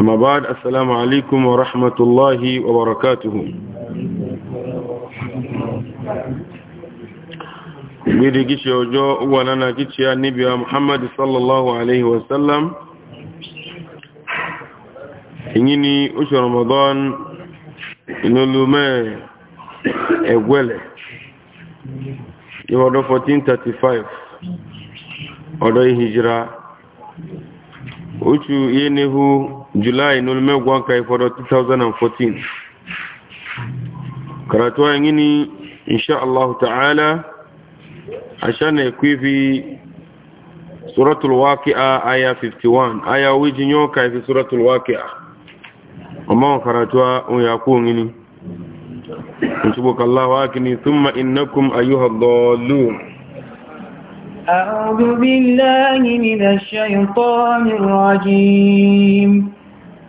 أما بعد السلام عليكم ورحمة الله وبركاته gbede gishi ojo wana na gici annabi Muhammad sallallahu alaihi wasallam yini oṣù Ramadan inolume egwele iwodo 1435 odo hijira oṣù yenehu Julai nol mẹ́gbọ́n ka ifọ̀dọ̀ 2014. Karatuwa yin ni, insha Allah ta'ala, a sha na ikwe fi Suratul Waqi'a aya 51, aya wijin yau ka fi Suratul Waqi'a. Amma karatuwa un ya kuwa gini. Inshubuka Allah wa akini, thumma innakum ayyuhar dallun. أعوذ بالله من الشيطان الرجيم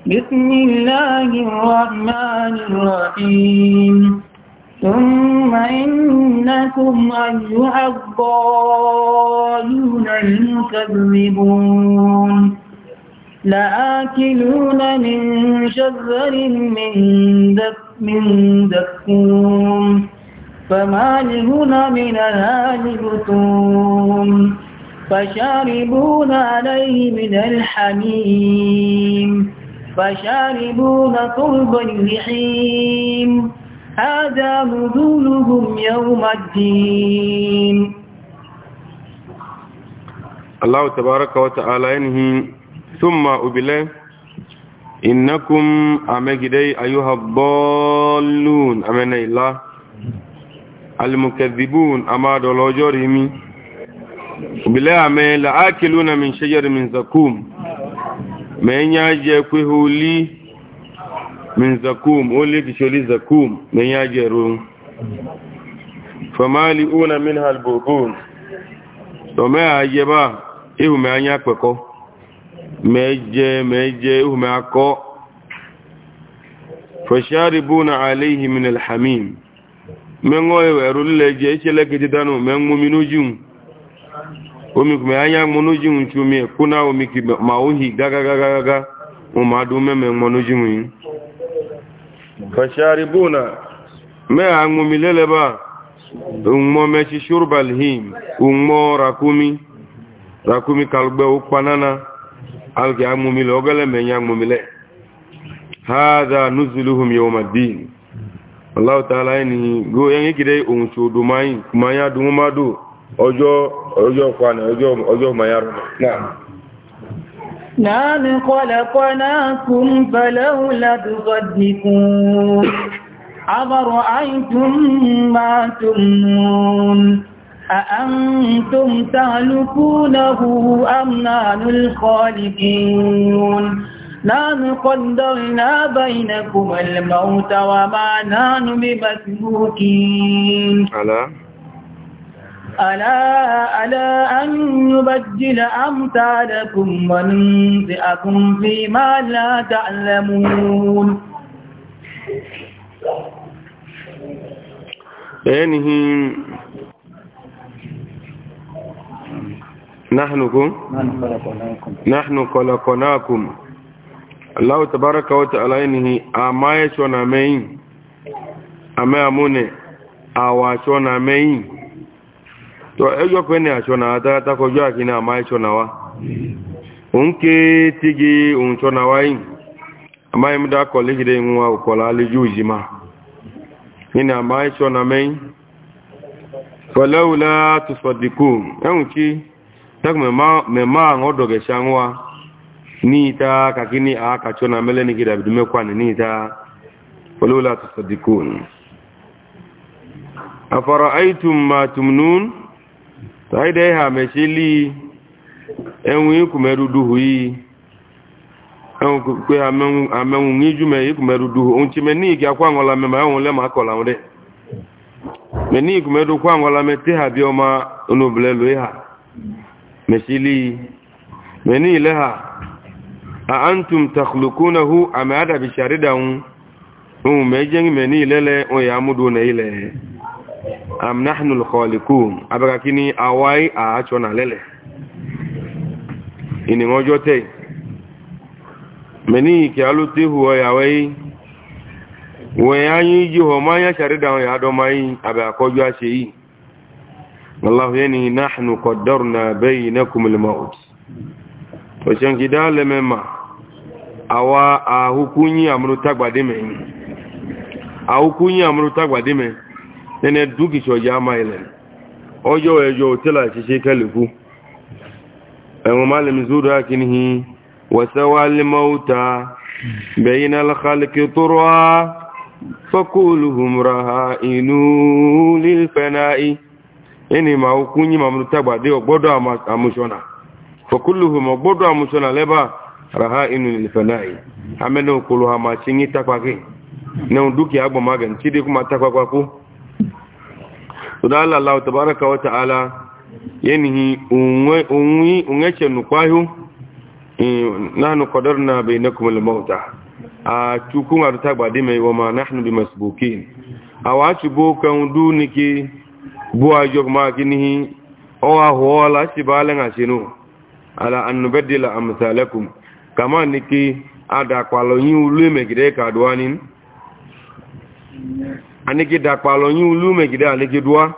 بسم الله الرحمن الرحيم ثم إنكم أيها الضالون المكذبون لآكلون من شجر من دك من دكتوم من منها بطون فشاربون عليه من الحميم فشاربون قرب الجحيم هذا نزولهم يوم الدين الله تبارك وتعالى ينهي ثم أبلا إنكم أمجدي أيها الضالون أمن الله المكذبون أما دولوجورهم بلا أمين لآكلون من شجر من زكوم menya je kwihuli min zakum ole kisholi zakum menya je rum famali una min halbukun to me aje ba ihu me anya peko meje meje ihu me ako fasharibuna alayhi min alhamim mengoye weru leje chele kididanu menmu minujum omi kume anya monoji nchumi kuna omi ki mauhi gaga gaga gaga umadu meme monoji mwi fasharibuna me angumi leleba ummo mechi shurbal him ummo rakumi rakumi kalbe ukpanana alki angumi logale menya angumi le hadha nuzuluhum yawmaddin Allah ta'ala ni go yangi kidai unchu dumai kumanya dumadu ọjọ́ ọjọ́ kwani ọjọ́ ọjọ́ mayaru náà نحن خلقناكم فلولا تصدقون أفرأيتم ما تمنون أأنتم تهلكونه أم نحن الخالقون نحن قدرنا بينكم الموت وما نحن بمسبوكين ألا ألا أن يبدل أمثالكم وننزئكم فيما لا تعلمون يعني نحن نحن خلقناكم الله تبارك وتعالى إنه أمايش ونامين أمي أما يموني أوا to ejo kwene acho na ata ta ko jo akina ma acho na wa unke tigi uncho na wa yin ama im da ko ligide nwa ukola aliju ijima ina ma acho na men falaula tusaddiqun enki tak me ma me ma ngodo ge shanwa ni ta kakini a ka cho na mele ni gida bidume kwani ni ta falaula tusaddiqun afara'aytum ma tumnun tọ́ídẹ́ ha mẹ́ṣí lí ẹ̀wùn ikùnmẹ́rúdúhù yìí ẹ̀wùn pé àmẹ́wùn ní a ikùnmẹ́rúdúhù ohun tí mẹ́ ní ìgbà kó àwọn ọlámẹ́ ẹ̀wùn lẹ́mọ̀ akọ̀lá wọn dẹ̀ mẹ́ ní ikùnmẹ́rú kó àwọn ọlámẹ́ tí ha, bí ọmọ onóbìlẹ̀ ló ìhà mẹ́ṣí lí mẹ́ ní ilẹ̀ hà àántùm tàkùlùkúnahu àmẹ́ ohun mẹ́jẹ́ mẹ́ ní ilẹ̀lẹ̀ ọ̀yà amúdó nà ilẹ̀ am nahnu al-khaliqun abaka kini awai a chona lele ini ngojo te meni ki alute huwa ya wai wayanyi ji ho ma ya sharida ya do mai abaka kojo ase yi wallahu yani nahnu qaddarna bainakum al to changi dale mema awa ahukunyi amru tagbademe ahukunyi amru tagbademe nene dúkìṣọ́ ya mailen ọjọ́ ẹjọ́ tílà ṣiṣẹ́ kẹlùkú ẹ̀wọ̀n malami zúrù akínihì wàsẹ́wàlì mauta bẹ̀yìn alkhalki tọrọ fakoluhumra inú lílfẹ́náì ẹni ma okú yí ma múta gbàdé ọgbọ́dọ̀ àmúṣọ́nà fakoluhum ọgbọ́dọ̀ àmúṣọ́nà raha inú lílfẹ́náì amẹ́nà okolo ha ma ṣe yí takwakí náà dúkìá gbọmagẹ̀ tí dé kú ma da Allah Allah tabaraka wa ta'ala yanhi unwi ungace nukwahu nahnu qadarna bainakum al-mauta a tukun arta gbadi mai wa ma nahnu bimasbukin awachi bokan duniki buwa jogma kinhi o ahwa la shibalan asinu ala an nubaddila amsalakum kama niki ada kwalo yin ulu megide ka duwanin aniki dakpalo yin ulu me gida aniki duwa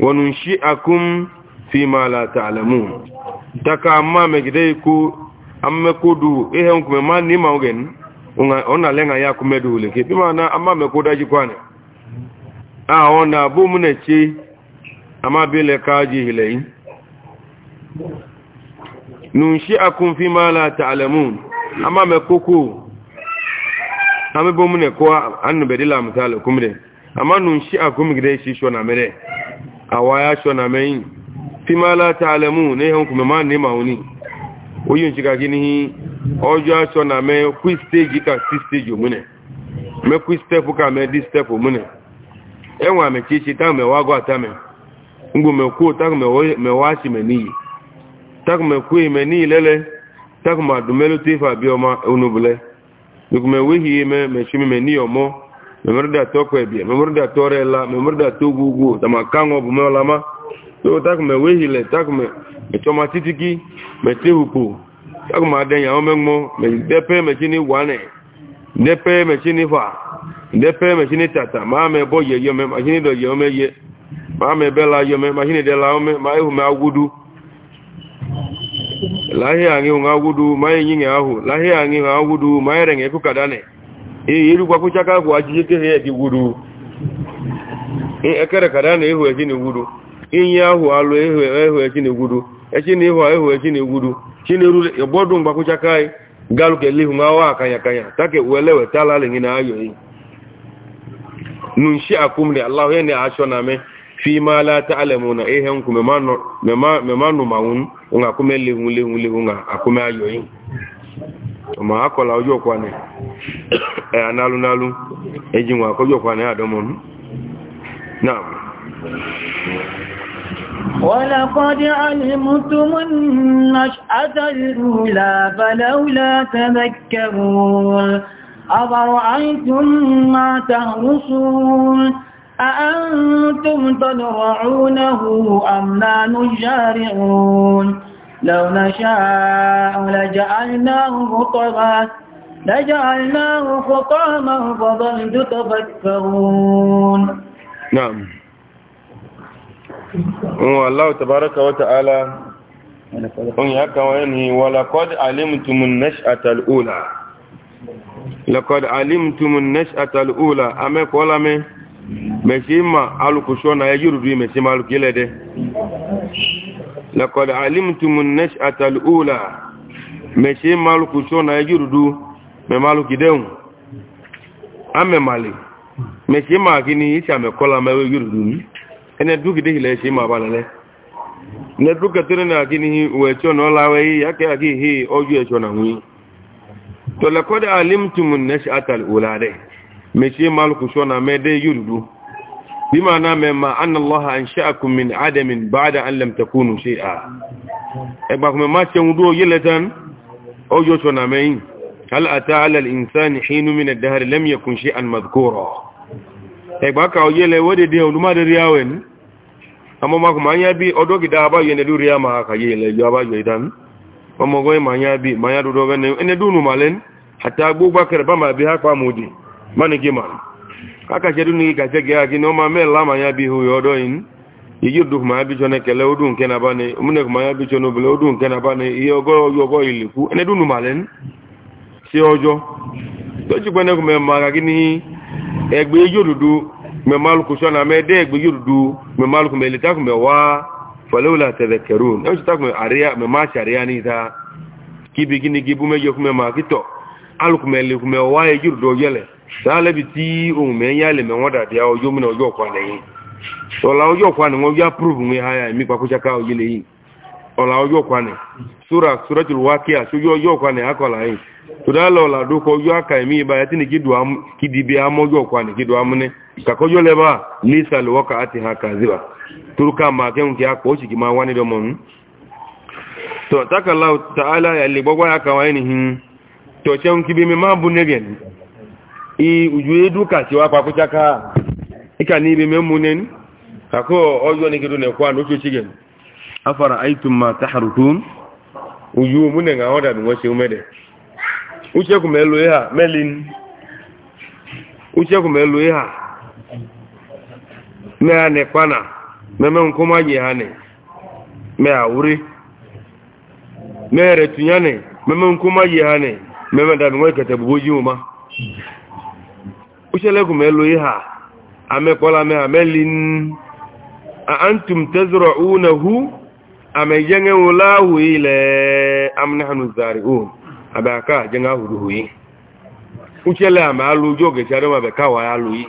wa nunshi'akum fi ma la ta'lamun taka amma me gida ku amme kudu ihe unku me mani ma ugen unga ona lenga ya kumedu le ke bima na amma me kuda ji kwane a ona bu mune chi amma bile kaji hilai nunshi'akum fi ma la ta'lamun amma me kuku hami bo mune ko annu be dila misal kumre amma nun shi a kumi gidai shi sho na mere awa ya sho na mai fi ma la ta'lamu ne han kuma ma ne ma woni oyun shi ga gini ojo a sho na me ku stage ka stage mune me ku step ka me di step mune enwa me chi chi ta me wa gwa ta me ngu me ku ta me wo me wa shi me ni ta me ku me ni lele ta ma dumelo tifa bi o dokume wehi me mechimi me ni omo me murda to ko ebi me murda to rela me murda to gugu tama kango bu me lama to tak me wehi le tak me me to matitiki me tehupo tak ma den ya ome mo me depe me chini wane depe me chini fa depe me chini tata ma me boye yo me ma chini do yo ma me bela yo me ma chini de la ome ma ehu me agudu lahia angi ngagudu mai nyinge ahu lahia angi ngagudu mai renge ku kadane e iru kwa kuchaka ku ajike he wudu e akara kadane ehu ekini gudu inye e, ahu alu ehu ehu ekini gudu ekini ehu ehu wudu gudu chini e, ru bodu ngba kuchaka ai galu ke lihu ngawa kanya kanya take uelewe tala lingina ayo hii nunshi akumni allah yene ashona me fi ma la ta'lamuna ehem ku me manu me mawun nga nga akume ayoyin ma akola ojo kwa ne e eh, analu nalu eji eh, nwa ojo kwa na'am ولقد علمتم النشأة الأولى فلولا تذكرون أفرأيتم ما تهرسون أأنتم كنتم تنرعونه أم لا نجارعون لو نشاء لجعلناه خطبا لجعلناه خطاما فظلت تفكرون نعم الله تبارك وتعالى ان يكواني ولقد علمتم النشأة الأولى لقد علمتم النشأة الأولى أمك ولمه mesi ma alukushwa na yajurudu mesi ma alukile de laqad alimtum an-nash'ata al-ula mesi ma alukushwa na yajurudu me malukideun ame mali mesi ma kini isi me kola me yajurudu ni ene duki de ile se ma balale ne duka tirina kini we chono lawe yake aki hii oju e chona nwi to laqad alimtum an-nash'ata al-ula de mesi ma alukushwa na me de بمعنى مما أن الله أنشأكم من عدم بعد أن لم تكونوا شيئا إبقى ما تنودوا يلة أو جوشنا مين هل أتى على الإنسان حين من الدهر لم يكن شيئا مذكورا إبقى أو يلة ودي دي ولما دي رياوين أما ما كما يبي أدوك دابا يندو رياما هكا يلة جوابا جيدان أما غوي ما يبي ما يدو دوغن إن دونو مالين حتى أبو بكر بما بها قامودي ما نجي مالين kaka shedu ni kase ge aki no ma me la ma ya bi hu yodo in iju du ma bi chone kele odu nke na ba e, ne mune ma ya bi chone bele odu nke na ba ne iyo go yo go iliku ene du nu malen si ojo to ji gbene ku me ma ka kini egbe iju dudu me malu ku chona me de egbe iju me malu ku me wa falawla tadhakkarun e ta me aria me ma sharia ni kibi kini kibu me yo ku me ma me wa iju yele sáàlẹ̀ bi tí ohun mẹ́ yá lè mẹ́wọ́n dàdí a ọjọ́ mìíràn ọjọ́ ọ̀kwá lẹ́yìn ọ̀la ọjọ́ ọ̀kwá ni wọ́n yá púrùfù ní àyà ẹ̀mí pàkúṣaká ọjọ́ lẹ́yìn ọ̀la ọjọ́ ọ̀kwá ni sóra sóra tó wá kí àṣọjọ́ ọjọ́ ọ̀kwá ni akọ̀là yìí tó dá lọ ọ̀la dókọ̀ ọjọ́ àkà ẹ̀mí ibà yẹtí ni kí dìbí amọ́jọ́ ọ̀kwá ni kí do amúnẹ kàkọ́jọ́ lẹ́bà ní ìsàlẹ̀ wọ́kà àti hàn kàzíwà turuka máa kẹ́hùn kí a kọ́ òṣìkì máa wá i ujue duka ciwa kwa kuchaka ika ni bi memunen kako ojo ni kidu ne kwa no chigen afara aitum ma tahrutun uju munen aoda bi ngoshi umede uche kumelo ya melin uche kumelo ya me ane kwana meme nkoma me awuri me retunyane meme nkoma ye hane kete bubuji uma kwụchilegu m elu ihe a amekpọla m amelin antum tezra'unahu am yanewlahu ile am nahnu zari'un abaka jenga huruhi uchele am alu joge chare ma beka wa alu yi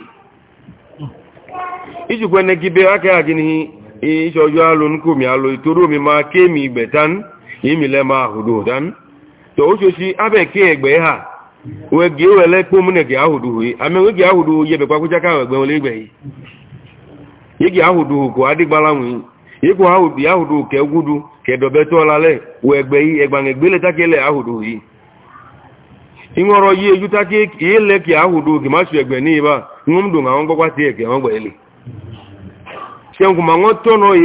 ijikwe ne gibe aka agini ijojo alu nku mi alu ituru mi ma kemi gbetan imile ma hududan to ojoji abeke egbe ha wege wele kpo mne g ahụruhi nwe gị ahụruhu ye bekwakụcha ka wegbe nwere igbe yi gị adịgbala nwe ịkwụ ka egwudu ka e wee gbe yi gbe leta ka ele ahụruhi ịṅụrọ yi ejuta ka ile ka ahụrụ gị masụ egbe n'ibe a ṅụ dụ na ọ gbakwa tie ọgba eli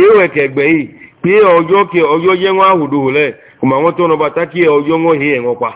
ewe ka egbe kpee ka ye nwa le nwọtọ nọ bata ka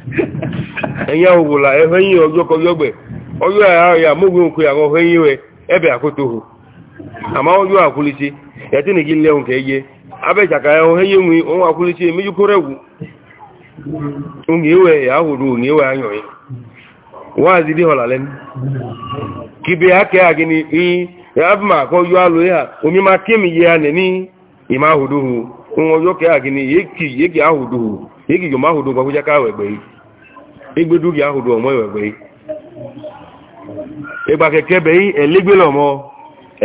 enye wụla ehe ihe ogokogo ogbe oyo ahụ ya amụghị nkwu ya ṅụhe iwe ebe akụtụhu ama oyo akwụlichi etini gị nlewu nke eye abechaka ya ohe ihe nwe onwe akwụlichi emejukwuru egwu unyi iwe ya hụrụ unyi iwe dị kibe ya gị ya ma ka oyo alụ ya omima kemi yi ya neni ima ahụduhu nwa oyo kee ha gị n'iyi eki ahụduhu eki ahụduhu egbedu gị ahụ du ọmọ iwegbe ịgbakekebe elegbele ọmọ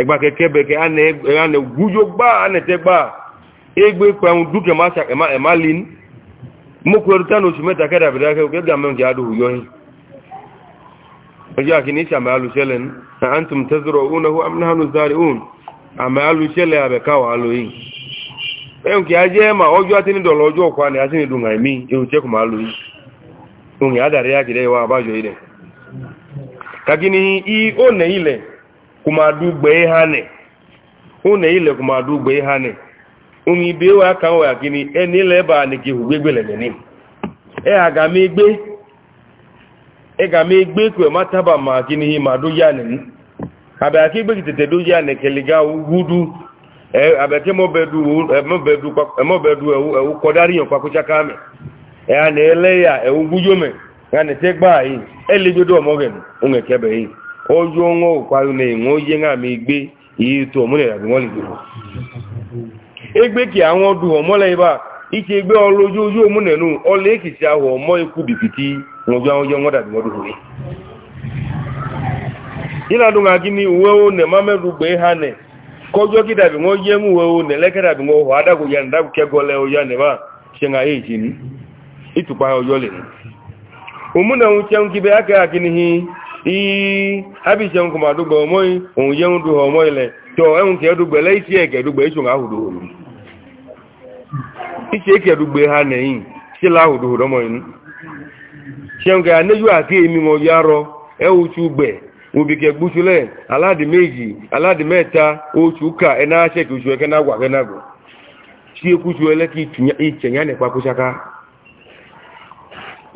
ịgbakekebe ka a na-egwujo gbaa a na-ete gbaa egbe kwanwu duke emalin mụ kweruta na osu meta kada bere aka oge gamme nke adụghị yohi ọjọ́ àkíní ìṣàmì alùsẹ́lẹ̀ na antum tẹ́zọrọ̀ òun a e jẹ́ ma ọjọ́ àti ohun adara ya gide abajo ile kagini i one ile kuma ha ne one ile kuma ha ne onye ibe wa ka wa gini eni ile ba ni ki ni e aga e ga gbe ku e mataba ma gini ya abia ki gbe tete do ya abia mo bedu ya ele ya ewugwujome ya na tegba yi elejodo unge kebe yi oju onwo na enwe nga mi to ya bi egbe ki awon du omole iba ike egbe oloju oju omune nu ole ekiti awo omo bipiti awon je da bi ina dunga gini ha kojo ki da bi won mu uwe itukwa ha oyole umuna unche ngibe aka akinihi i abishe nkuma dugbo omoi onye ndu homo ile to enwu ke dugbo le isi eke dugbo isu nga hudu olu isi eke dugbo ha neyin si la hudu hudu omoi nu ṣeunke aneju ati emi arọ yaro ewutu gbe obike gbusule aladi meji aladi meta otu ka ena aseke osu eke na gwa ke na gwa si ekusu eleki itunya nipa kusaka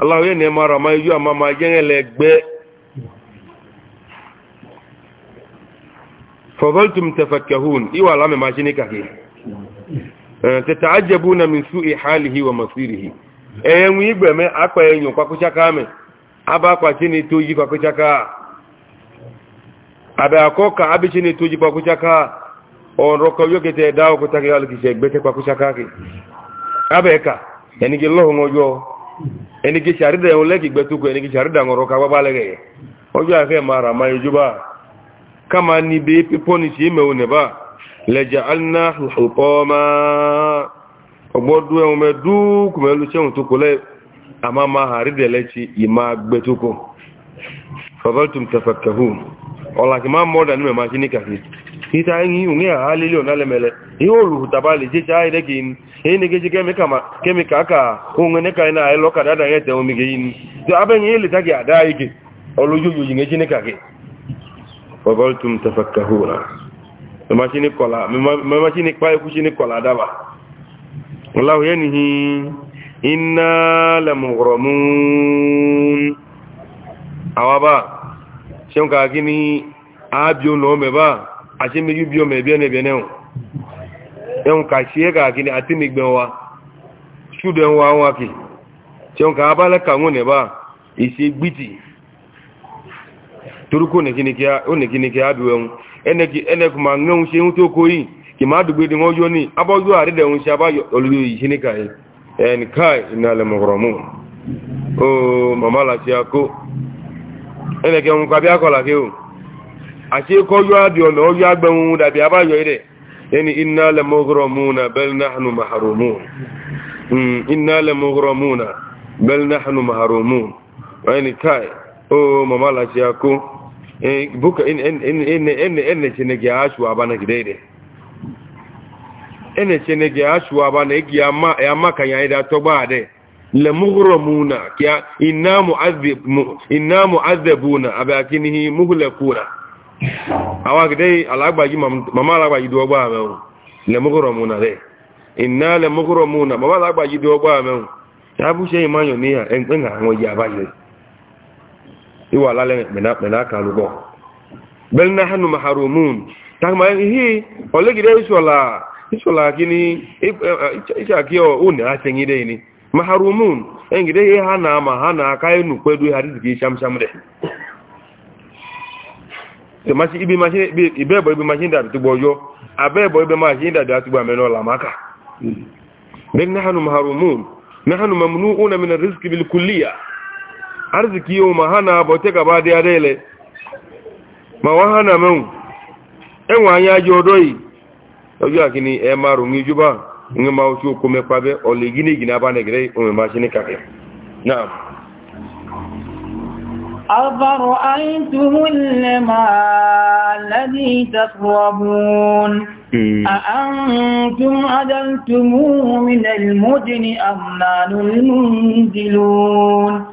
aláwọ̀ yẹn ní ẹ máa rà máa yọ àmà máa jẹ́ ẹlẹ́gbẹ́ fọ̀gọ́lùtùm tẹfẹ̀kẹ̀hún ìwà alámi máa ṣe ní kàkí tẹ̀tẹ̀ ajẹ́bú na mìsú ìhálìhì wà màsírìhì ẹ̀yẹ̀wò ìgbẹ̀mẹ́ apẹ̀ ẹ̀yàn kwakúṣáká mẹ́ abákwàṣí ni tó yí kwakúṣáká àbẹ̀ àkọ́kà abíṣí ni tó yí kwakúṣáká ọ̀rọ̀kọ̀ yókètè ẹ̀dá ọkùtákẹ́ alùkìṣẹ́ gbẹ́tẹ́ kwakúṣáká kì ẹni kí sàrídà ẹ̀hún lẹ́kì gbẹ́tùkù ẹni kí sàrídà ọ̀rọ̀ ká wábá lẹ́gẹ̀ ọjọ́ àfẹ́ ma rà máa yóò bá ká ma ní bí pípọ́ ní sí mẹ́wọ̀n nẹ̀bá lẹ́jà alná ọ̀pọ̀ máa ọgbọ́dún ẹ̀hún mẹ́ dúkù mẹ́lú sẹ́hùn tó kù lẹ́ àmá ma àrídà lẹ́tì ìmá gbẹ́tùkù fọ́bẹ́tùm tẹfẹ̀kẹ̀hù ọ̀làkì má ita yin yi unye a halili onalemele ihe olu tabali jecha ayi deke yin eyi ne geji kemika ma kemika aka onwe ne ka ina ayi loka dada ya te omige yin to abenye ile ta gi ada ayi gi olu yuyu yin eji ne ka gi fagaltum tafakkahuna mema shi ni kola awaba shem ka gini abio àti méjì bí ọmọ ẹ̀bí ẹ̀nẹ̀bẹ̀ẹ́nẹ̀ hùn ẹ̀hùn kà ṣe é kàkiri àti nígbẹ̀ wa ṣúdọ̀ ẹ̀hùn àwọn akì tí ọ̀nkà abálẹ́kà wọn nẹ̀bá ìṣe gbìtì torúkú onìkíníkí àbíwẹ̀hùn ẹnẹkùnmá ń ṣe ń tó kó yìí kì máa dùgbé ni wọ́n yọ ní abọ́jú àrídẹ̀hùn ṣe abáyọ̀ olùyọ yìí níkà yìí ẹnìká àti kọ́ yọ àbí ọ̀nà ọjọ́ agbẹ̀wọ̀n dàbí abáyọ̀ ilẹ̀ yẹni iná lẹ́mọ́gọ́rọ̀múnà bẹ́lẹ́nàánù maharomun wani kai o mama láti akó buka ẹnẹ chenege aṣùwà bá na gidẹ́ẹ̀dẹ̀ ẹnẹ chenege aṣùwà bá na igi ya makanya ẹ̀dà tọgbà adẹ́ lẹ́mọ́gọ́rọ̀múnà kí iná mọ́ azẹ̀bùnà abẹ́ múhùlẹ̀kúnà awagide alagbaji mama alagbaji du ọgbà mẹ́un lẹ́mọ́gọ́rọ̀ mú na rẹ̀ iná lẹ́mọ́gọ́rọ̀ na mama alagbaji du ọgbà mẹ́un ṣáàbù ṣe ìmáyàn ní ẹgbẹ́nà àwọn ìyá àbáyé ìwà lálẹ́ mẹ́nàkà lùkọ́ bẹ́ẹ̀ na hannu maharumun takma ihe ọlẹ́gide ìṣọ̀lá ìṣọ̀lá kí ni ìṣàkí òní àṣẹyìndé ni tẹ̀máṣí ibi ìbẹ́ẹ̀bọ̀ ibi máṣí ìdàdì tó abe abẹ́ẹ̀bọ̀ ibi máṣí ìdàdì àti gbà mẹ́nà làmákà bẹ́ẹ̀ náhànù maharumun náhànù mamunu una arziki yau ma hana bọ̀ tẹ́ gaba da yada ile. ma wá hana mẹ́un ẹwọ̀n anya jẹ́ ọdọ́ yìí ọjọ́ àkíní ẹ máa rùn ní jùbá ní ma oṣù okó mẹ́pàá bẹ́ ọ̀lẹ́gínìgínà bá nẹ̀gẹ́rẹ́ ní أفرأيتم الماء الذي تشربون أأنتم عدلتموه من المدن أم نحن المنزلون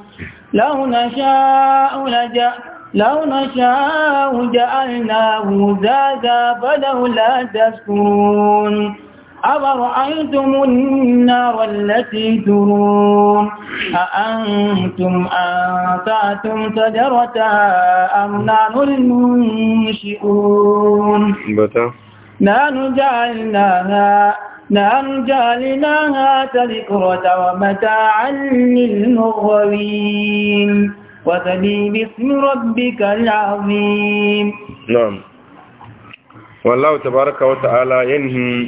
لو نشاء لجاء لو نشاء جعلناه زادا فلولا تشكرون أفرأيتم النار التي ترون أأنتم أنفعتم شجرتها أم نحن المنشئون نحن جعلناها نحن جعلناها تذكرة ومتاعا للمغوين وتلي باسم ربك العظيم نعم والله تبارك وتعالى ينهي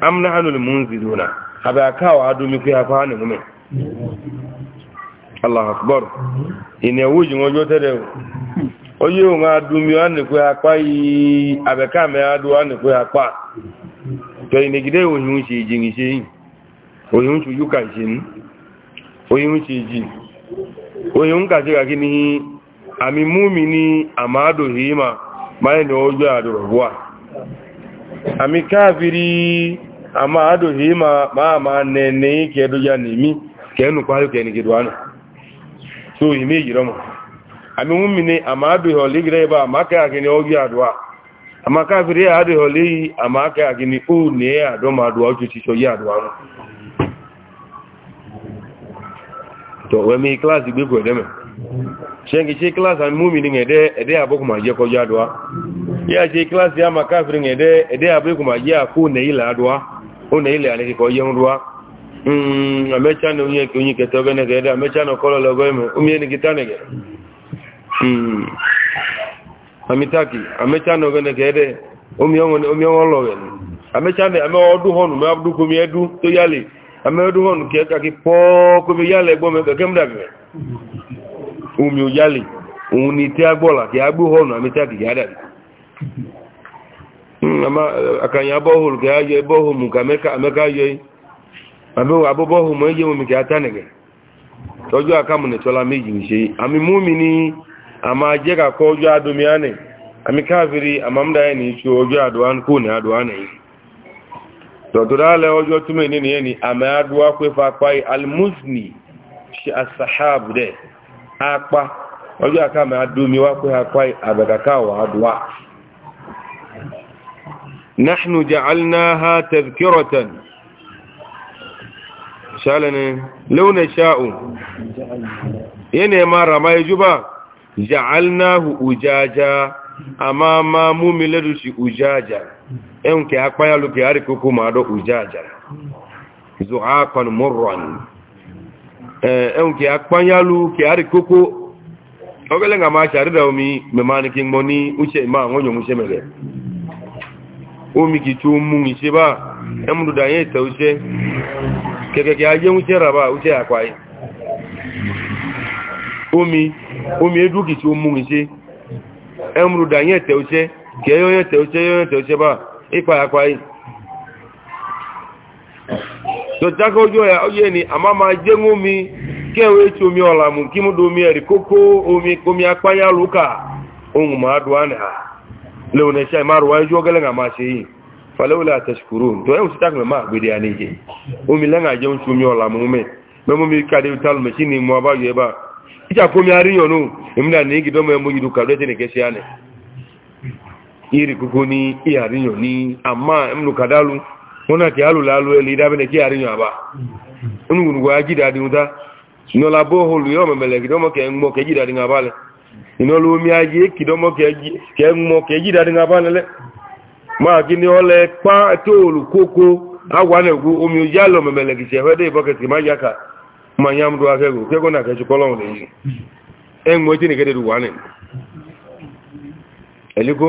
am nahnu almunziluna aba kawa adumi ku ya fa ne mumen allah akbar ine wuji ngojo tere oye o ma adumi an ku ya pa yi abe ka me adu an ku ya pa to ine gide yi yun shi jingi shi o yun chu yuka ji ka ga kini ami mumini amado hima mai no adu àmì káàfìrí àmà àdòhì máa máa nẹ̀ẹ̀nẹ̀ kẹ́ẹ̀dọ́já nìmí kẹ́ẹ̀nù pàáyò kẹ́ẹ̀nìkìdọ́wánà tó ìmé ìjìrọmọ̀ àmì mú mi ní àmà àdòhì ọ̀lẹ́gìrẹ́ ibá àmà káàkiri ọgbí àdọ́wà àmà káàfìrí àdòhì ọ̀lẹ́yìn àmà káàkiri ó ní àdọ́màdọ́wà ó cengi ce klasa muminin ede ede abu kuma je ko jadwa ya ce klasa ya makafirin ede ede abu kuma je ko ne ila adwa ko ne ila ale ko yon dwa mm amecha no ye ko ni keto bene ede amecha no kolo logo mu umie ni kitane ge mm amitaki amecha no bene ge ede umie ngo umie ngo lo ge amecha ne ame odu honu me abdu kumi edu to yale ame odu honu ke ka ki po kumi yale gbo me ke kemda omi ò yálè òun ni tí a gbọ́là kí a gbó họ́nà àmì tí a kìí hmm, àdàdì àkànyà bọ́hùlù kí a yọ bọ́hùmù kàmẹ́ká yọ àmìwò abọ́bọ́hùmù ẹyẹ omi kí a tánìgẹ̀ tọ́jú àkàmùnẹ̀ tọ́lá méjì ṣe àmì múmi ni a máa jẹ́ kàkọ́ ọjọ́ adomi ánì àmì káàfìrí àmàmdáyẹ ní ṣe ọjọ́ àdúwá akpa ọjọ́ àkàmì adómi wá pé akpa àbẹ̀kàkà wà á dùwà náà jàálínà ha tẹ̀kírọ̀tàn ṣálẹ̀ni lónà ṣáàù yẹ́nà ẹ̀mà ràmà ẹjúbà jàálínà hù ùjájá a máa máa mú mi lẹ́dù sí ùjájá ẹ̀hùn kẹ́ akpáyà lókè àríkókò máa dọ́ ùjájá zuhakan murran ẹ̀hùn eh, kí a pányálú kí a rí kókó ọgọ́lẹ̀ nga máa ṣàrídà omi mẹ́má ni kí n mọ́ ní oúnṣẹ́ ìmá àwọn yòmú ṣe mẹ́rẹ̀ omi kì tó mú ìṣẹ́ bá ẹmúdùdà yẹn ìtẹ̀ oúnṣẹ́ kẹ̀kẹ̀kẹ̀ ayé oúnṣẹ́ ràbá oúnṣẹ́ omi omi edú kì tó mú ẹmúdùdà yẹn yẹn yẹn bá tọ́jáká ojú ọyẹ ni àmá máa jẹ́ ń mi kẹwẹ́ tí omi ọ̀làmù kí mú do omi ẹ̀rí kókó omi apáyá lókà ohun máa dùn ánà lẹ́wọ̀n ẹ̀ṣẹ́ ìmáàrù wáyé ojú ọgẹ́lẹ́ àmá ṣe yìí falẹ́wọ̀lẹ́ àtẹ̀ṣùkúrò tó ẹ̀hùn sí tákùnlẹ̀ máa gbé omi lẹ́ngà jẹun tí mi kàdé tálù ni mo abáyọ ẹbá ìjà kó mi aríyàn nù ìmúdà ní igi dọ́mọ ẹmú yìí dùkà lẹ́tẹ̀ nìkẹ́ sí àná àmà ẹmúlùkàdálù wọn àti alùlálù ẹlẹ́ ìdábẹ́nẹ̀ kí àríyàn àbá onúgbùnùgbò ajídàdì ọdá ìnọ́lá bóhùlù yọ mẹ̀mẹ̀lẹ̀ kìdọ́mọ̀kẹ́ ń mọ́ kẹjídàdì àbálẹ̀ ìnọ́lú omi ayé kìdọ́mọ̀kẹ́ ń mọ́ kẹjídàdì àbálẹ̀ ma ya mú akẹ́gùn kẹ́gùn náà g ẹ̀líkó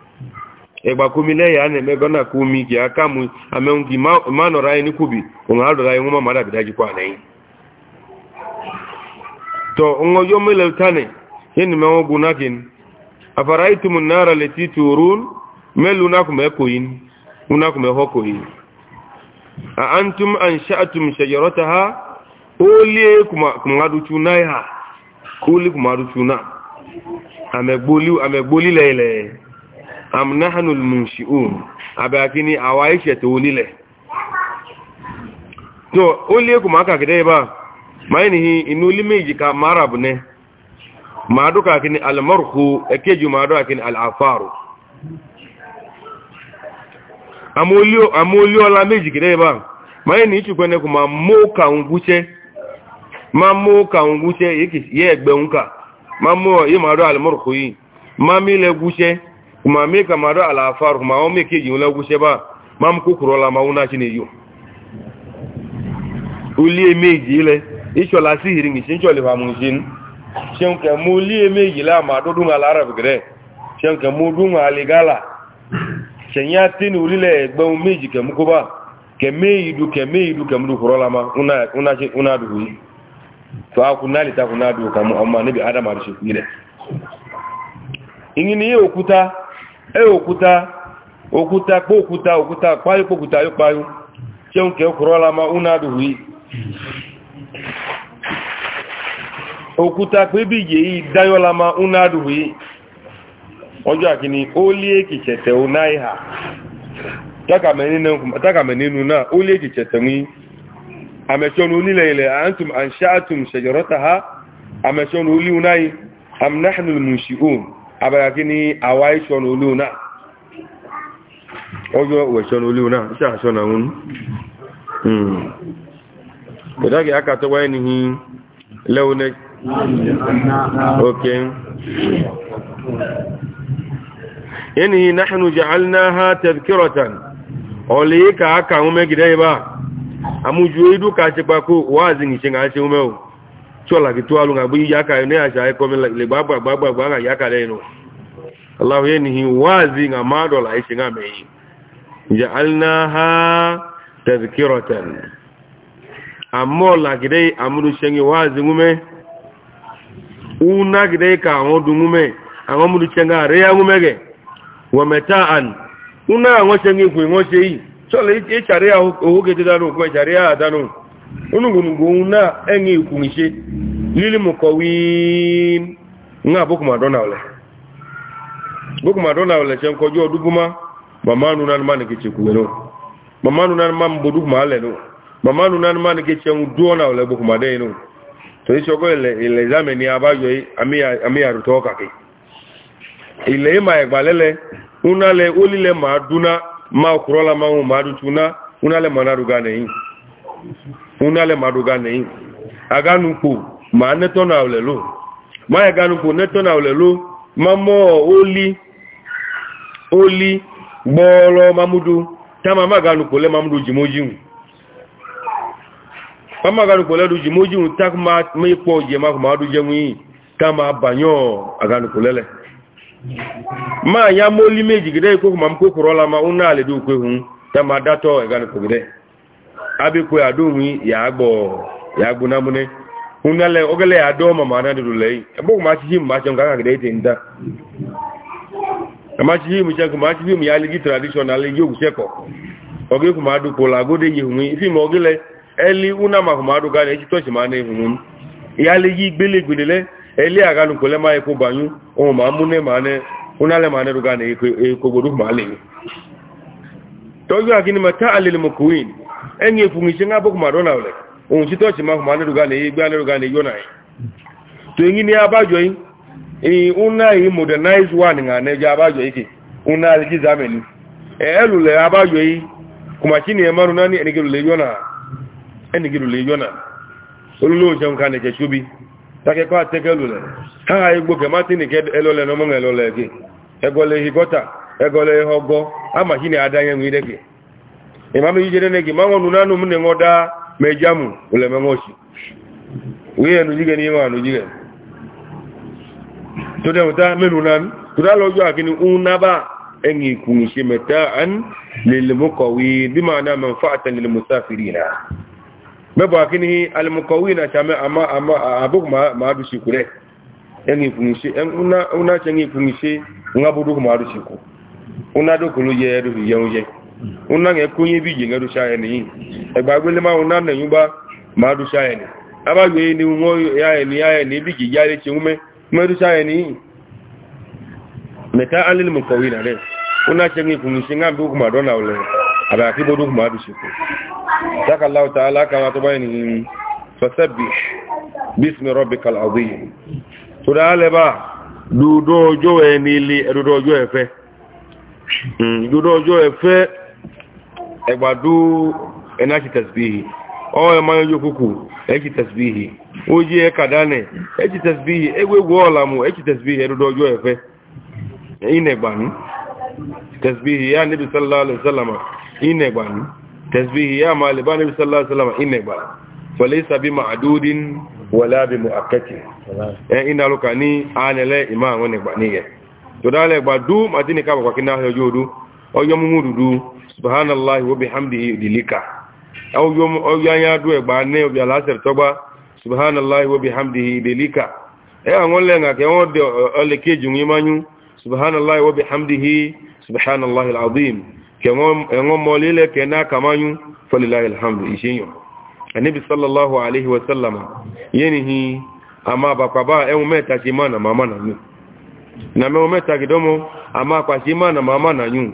egba kumi ne ya na-eme gona kumi gi aka mu amenwu gi ma nọrọ anyị n'ikwubi onwe ha dọrọ anyị nwa mamada bida jikwa na anyị to nwoyo meleutane yeni menwogu nakin afaraitum nara leti turun melu nakum ekoyin unakum ehokoyin a antum an sha'atum shajarataha olie kuma kuma duchuna ya kuli kuma duchuna amegboli amegboli lele am nahanu al-munshi'un abakini awaisha to nile to ole kuma aka gida ba mainihi inu limeji ka marab ne maduka kini al-marhu ekeju maduka kini al-afaru amolio amolio la meji gida ba maini chukwe ne kuma moka unguche ma moka unguche yiki ye egbe unka ma mo yi maduka al-marhu yi ma mi guche kuma me kamado alafar kuma o me keji wula gushe ba mam kukuro la mauna chine yo uli le, ile icho la sihiri ngishin cho le famu ngishin shen ke mu uli emeji la ma do dunga la arab gre shen ke mu dunga aligala shen ya tin uli le egbo meji ke mu kuba ke meyi du ke meyi du ke mu kuro la ma una una chi una du to akunali ta kunadu kamu amma nabi adam arshi ile ingini okuta e òkúta òkúta kpó òkúta òkúta kpáyó kpókúta yó kpáyó tí ó ń kẹ́ òkúrọ́ la ma únà òkúta pé bí yìí dáyọ́ la ma ọjọ́ àkíní ó lé kìkẹ̀tẹ̀ ó tákàmẹ̀ nínú náà ó lé kìkẹ̀tẹ̀ ní àmẹ́sọ́nù onílẹ̀ ilẹ̀ àántùm àṣáàtùm ṣẹ̀jọ̀rọ́ta ha àmẹ́sọ́nù abẹ́rẹ́kí ní àwá ìṣọ́nà olóò náà ọjọ́ ìwẹ̀ṣọ́nà olóò náà ṣe àṣọ́nà wọn ìdági akàtọwà ẹnihi lẹ́wọ́nẹ́ oké ẹnihi náhànú jàálínáha tẹ̀kírọ̀tàn ọ̀lẹ́ ka aka mẹ́gidẹ́ ibá àmújú idú ka ṣe pàkó wáàzìn ìṣẹ́ tsola ki tuwalu nga buyi yaka ne a shaye kome le gbagba gbagba gbagba yaka da inu allahu ye nihi wazi nga madola ishi nga meyi ja'alna ha tazkiratan amma la ki dai amuru shengi wazi ngume una ki dai ka amodu ngume amuru chenga reya ngume ge wa metaan una ngo shengi ku ngo sheyi tsola ichi charia ohuge tidanu ko charia adanu onugbonugbo ohun náà ẹ̀yìn ìkùnrin ṣe lílìmù kọ̀wé ní àbókùnmàdọ́nà ọ̀lẹ̀ bókùnmàdọ́nà ọ̀lẹ̀ ṣe ń kọjú ọdún búmá màmá nu náà má ní kí ṣekú lẹ́nu màmá nu náà má ń bodú kùmà lẹ́nu màmá nu náà má ní kí ṣe ń dúọ́nà ọ̀lẹ̀ bókùnmàdẹ́ inú torí ṣọkọ́ ilẹ̀ ìzámẹ̀ ni abájọ àmì àrùtọ́ kàkì ilẹ̀ ìmà ẹ̀gbàlẹ́lẹ̀ unalẹ̀ unale maduga nei aganu ku ma neto na ulelo ma aganu ku neto na ulelo mamo oli oli gboro mamudu tama maganu ku le mamudu jimojiun mama aganu ku le du jimojiun tak ma mi po je ma ma du jeun tama banyo aganu lele ma ya moli meji gide ko ma mko korola ma unale du ko hun tama dato aganu ku abikwe adomi ya agbo ya agbo namune unale ogele ya do mama na dulu lei ebo ma chi him ma chi ngaka gede tinda ma chi him cha ma chi him ya ligi traditional ligi uguseko oge ku ma du pola gode yi humi ifi mo ogele eli una ma ma du ga ne chi to chi ma ne humi ya ligi gbele gbele le eli aga lu kole ma e ko banyu o ma mune ma ne unale ma e ko godu ma le tojo akini mata alil mukwin enye efu ngishi nga boku madona ohun ti tochi ma kuma neruga ne igba neruga ne yona yi to yin ni abajo yi e una yi e modernize one nga ne ja ike yi ki una alji e zamani e elu le e, kuma chini e maru nani enigiru le yona olulu je nka ne je chubi ke imam yijere ne gi mango nuna no mne ngoda mejamu ule mengoshi wiye no jige ni wa no jige to de uta menu nan to da lojo akini unaba engi kunishe metaan lil muqawi bima na manfa'atan lil musafirina mebo akini al na chama ama ama abu ma ma du shikure engi kunishe una una chengi kunishe ngabudu ma du shiku una do kulu ye du ye una nge kunye biji nga dusha eni egba gbele ma una ne yuba ma dusha eni aba ni unwo ya eni ya eni biji ya le chiume ma dusha eni meta alil mukawina re una chengi kunishinga mbi kuma dona aba akibo du kuma dushi allah ta'ala kama to bayani bismi rabbikal azim to dale ba dudo ojo eni li dudo ojo efe hmm, dudo ẹgbàdó ẹ̀nà ṣe tẹ̀sìbìhì ọwọ́ ẹ̀mọ́ yóò kúkú ẹ̀ṣì tẹ̀sìbìhì ó yẹ ẹ̀kàdánẹ̀ ẹ̀ṣì tẹ̀sìbìhì ẹgbẹ́gbẹ́ ọ̀làmù ẹ̀ṣì tẹ̀sìbìhì ẹ̀dọ́dọ́ ọjọ́ ẹ̀fẹ́ ìnẹ̀gbàní tẹ̀sìbìhì yá níbi sallálàmà ìnẹ̀gbàní tẹ̀sìbìhì yá máa lè bá níbi sallálàmà ìnẹ̀gbàní fọlẹ́ sàbí màdúdín wọlábì mu akẹ́kì ẹ̀ ìnàlùkà ní ànẹ̀lẹ́ ìmọ̀ àwọn ìnẹ̀gbàní yẹ tòdálẹ̀ gbàdú dúdú subhanallahi wa bihamdihi dilika aw yom o yanya du e ba ne obi ala ser toba subhanallahi wa bihamdihi dilika e angon le nga ke won de ole keju ngi manyu subhanallahi wa bihamdihi subhanallahi alazim ke ngom e ngom molile ke na kamanyu falillahi alhamdu ishinyo anabi sallallahu alaihi wa sallam yenihi ama bakaba e umeta chimana mama na nyu na me umeta kidomo ama kwa chimana mama na nyu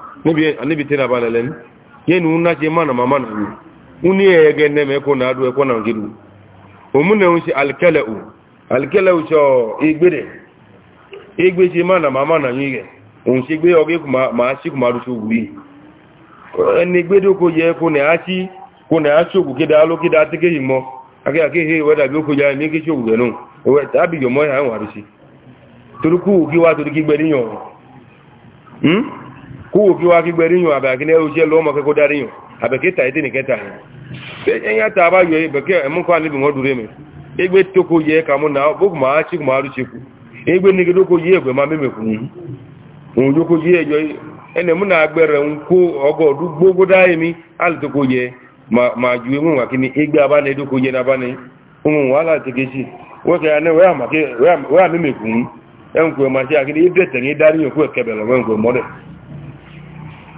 níbi níbi tí nàbà lẹ́lẹ́ ní yẹnu ńlá ṣe mánà màmá nà ní ń ní ẹ̀ẹ́gẹ́ nẹ́mẹ́ ẹ̀kọ́ náà dún ẹ̀kọ́ náà gíru òmù náà ń ṣe alikẹ́lẹ̀ ò alikẹ́lẹ̀ ò ṣe ọ igbe rẹ̀ igbe ṣe mánà màmá nà ní rẹ̀ òun ṣe gbé ọgẹ́ màá ṣì kùmà rúṣọ wù yìí ẹni gbẹ́dọ́kọ yẹ kó a ṣí kó ní a ṣòkù kéde mọ bí ó ní kí ṣòkù náà wá kúwò kí wá kí gbẹ̀ríyàn àbẹ̀ àkínẹ́ ojú ẹlọ́ ọmọ kẹ́kọ́ dáríyàn àbẹ̀kẹ́ta ìdí nìkẹta ẹ̀yà tà bá yọ ìbẹ̀kẹ́ ẹ̀múkọ́ níbi wọ́n dúró mi ẹgbẹ́ tókò yẹ kàmú náà bókù máa chíkù máa rúchekù ẹgbẹ́ nígidókò yẹ ẹgbẹ́ máa mímẹ̀kù òun jókò yẹ ẹjọ́ ẹnẹ̀ na ẹ̀ máa ṣe àkíní dáríyàn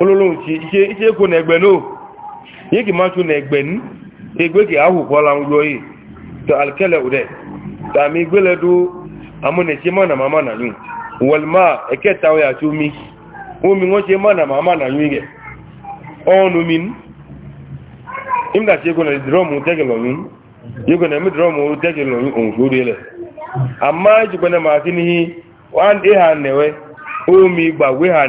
ololonchi iche iche ekwo na egbe no yeki machu na egbe ni ke ahụ ahu kwala njo yi to alkele ude ta mi gbele du amune chi mana mama na nyu ma eketa o ya omi ngo chi na nyu mi drum utege lo nyu onjuri le ma ha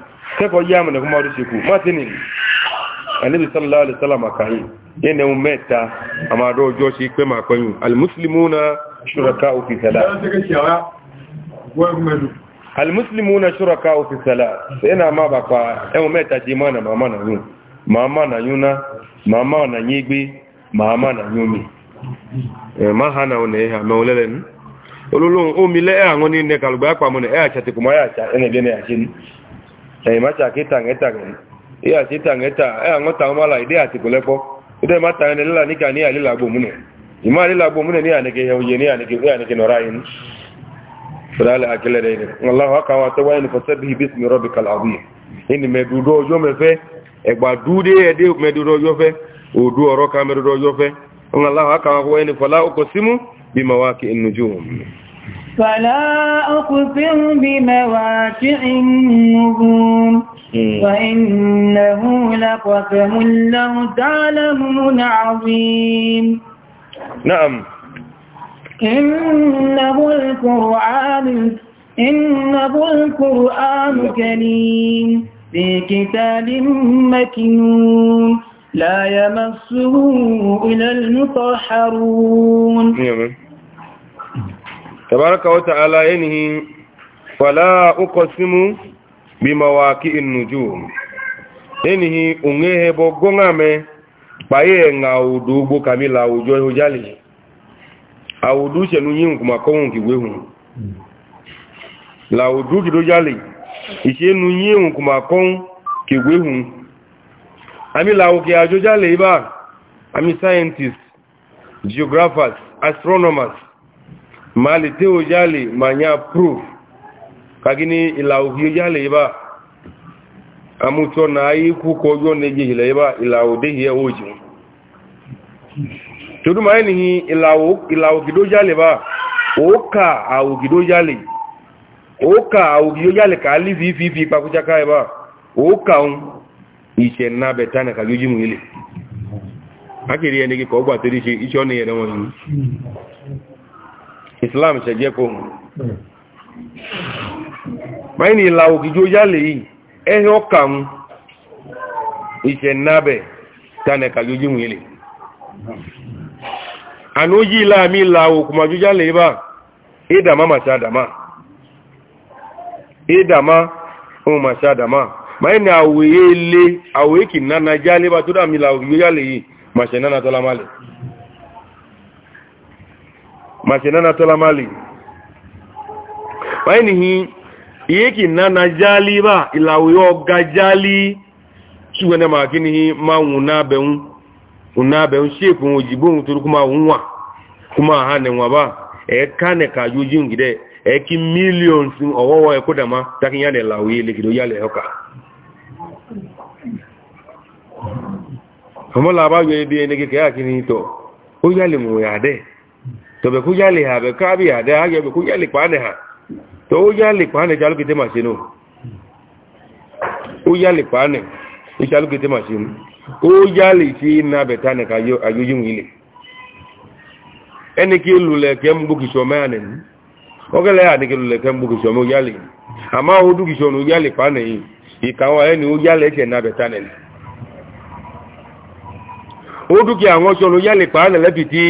seko yamu ne kuma wadu siku matinin anabi sallallahu alaihi wasallam kai meta ama do joshi pe al muslimuna shuraka'u fi salat al muslimuna shuraka'u fi salat ina ma pa e mu meta mama na yun mama na yuna mama na nyigbe mama na yumi e ma hana one ha ma olele ni olulu o e, e acha te ene bi ne ẹ̀yìn máa ṣàkí tàǹgẹ́tàǹgẹ́ ìyá àti tàǹgẹ́tà ẹ̀ àwọn tàwọn máa là ìdí àtìkù lẹ́pọ́ ìdẹ́ máa tàǹgẹ́ ní lílà níkà ní àlílà gbòmúnẹ̀ ìmọ̀ àlílà gbòmúnẹ̀ ní ànìkè òye ní ànìkè nọ̀rá yìí fúlàlẹ̀ àkílẹ̀ rẹ̀ ni aláwọ̀ akáwà tó wáyé ní fọ́sẹ́bí bí sinmi rọ́bì kalabuye ní mẹ́dúdọ́ ọjọ́ mẹ́fẹ́ ẹgbà dúdé ẹdẹ mẹ́dúdọ́ ọjọ́ fẹ́ òdú ọ̀rọ̀ ká mẹ́dúdọ́ ọjọ́ فلا أقسم بمواقع النجوم إيه. وإنه لقسم لو تعلمون عظيم نعم إنه القرآن إنه القرآن كريم في كتاب مكنون لا يمسه إلى المطهرون نعم. tabaraka wa ta'ala yanihi fala uqsimu bimawaqi'in nujum yanihi ungehe bogonga me paye nga udugo kamila ujo hujali awudushe nunyin kuma kawun kiwehu la udugi dojali ise nunyin kuma kawun kiwehu ami la uke ajojale iba ami scientists geographers astronomers mali te o jali manya proof kagini ila o jali ba amuto na ayi ku ko yo ne je ile ba ila o de ye o ji todu mai ni ila o ila o gido jali ba o ka a o gido jali o ka a o gido jali ka li fi fi fi pa ku jaka ba o ka un ise na betana ka yoji mu ile akiri ene ki ko gba tori se ise oni ere won yi islam ṣẹ̀jẹ́ kó máa hmm. ní ìlà òkìjó yálè yìí ẹ̀hẹ́ ọkà mú ìṣẹ̀ náàbẹ̀ tánẹ̀kà yóò jíwìn ilẹ̀ àná ó yí ìlà àmì ìlà òkùnmájú yálè yìí bá ìdàmá màṣà àdàmá ìdàmá ohun màṣà àdàmá máa àwòyé ilé àwòyé kì nánà jálè bá tó dàmì ìlà òkìjó yálè yìí màṣẹ̀ nánà tọ́lámálẹ̀ mace nana tola mali ainihi iye ki nana jali ba ilawo ga jali ṣugbọn na maki hi ma unabẹun ṣeekun ojibo ohun torí kuma nwa kuma ha nẹwa ba ẹka e nẹka yoji n gidẹ ẹki e millions ọwọwọ ẹkọ e dama takiya nẹ lawo ye lekido yalẹ ọka ọmọ labayo ebe ẹnẹgẹkẹ akini tọ ó yálẹ̀ mu ya de to be ku yale ha be ka bi ha de ha be ku yale pa ne ha to o yale pa ne jalu kite machine o yale pa ne o jalu kite machine o yale ti na be ta ne ka yo ayoyun ile ẹni kí lulẹ̀ kẹ́ ń bú kìsọ́ mẹ́rin ọgẹ́lẹ́ àni kí lulẹ̀ kẹ́ ń bú kìsọ́ mẹ́ yálẹ̀ àmá ó dú kìsọ́ ní yálẹ̀ pa nìyí ẹni ó yálẹ̀ ẹ̀kẹ́ náà bẹ̀ta ó dúkìá àwọn ọ̀ṣọ́ ní yálẹ̀ pa nìyí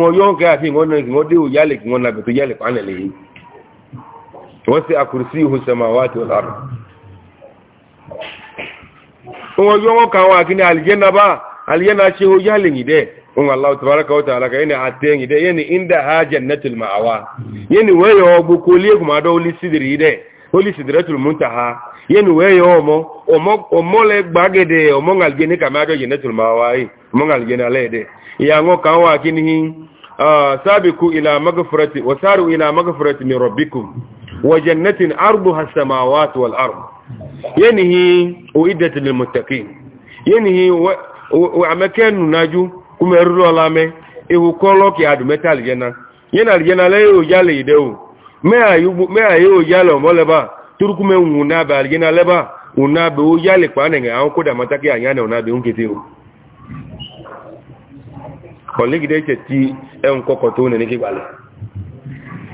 wọn yọ ń kẹ́ àti ìwọ́n náà ìwọ́n dé òyálẹ̀ kí wọ́n nàbẹ̀ tó yálẹ̀ pàánẹ̀ lè yìí wọ́n sí àkùrùsí ìhùsẹ̀mà wá tí ó lára wọn yọ wọn kàwọn àkíní àlìjẹ́nà bá àlìjẹ́nà ṣe ó yìí dẹ́ wọn aláwọ̀ tó bára kàwọ́ tààlà kàyẹ́nì àtẹ́yìn dẹ́ yẹ́nì inda hajj netul ma'awa yẹ́nì wẹ́yọ̀ ọgbọ́ kó léèkùn máa dọ́ ó lé sídìrì yìí dẹ́ ó sídìrì tó mú ta ha yẹ́nì wẹ́yọ̀ ọmọ ọmọ lẹ gbàgede ọmọ ngàlìjẹ́ ní kàmáàdọ̀ yẹ́ netul ma'awa yìí ọmọ ngàlìjẹ́ ní alẹ́ dẹ́ ìyàwó kan wà kí ni ah, sábìkú ilà magafurati wa sáàrù ilà magafurati mi rọ̀bíkù wa jannatin ardu hasama wa tuwal ardu yanihi o iddati lil muttaqin yanihi wa amakenu naju kuma rulo lame ehu kolo ki adu metal jena o kọ̀lẹ́gidẹ́ ìṣẹ̀ tí ẹun kọkọ̀ tó nẹ̀ ní kígbàlẹ̀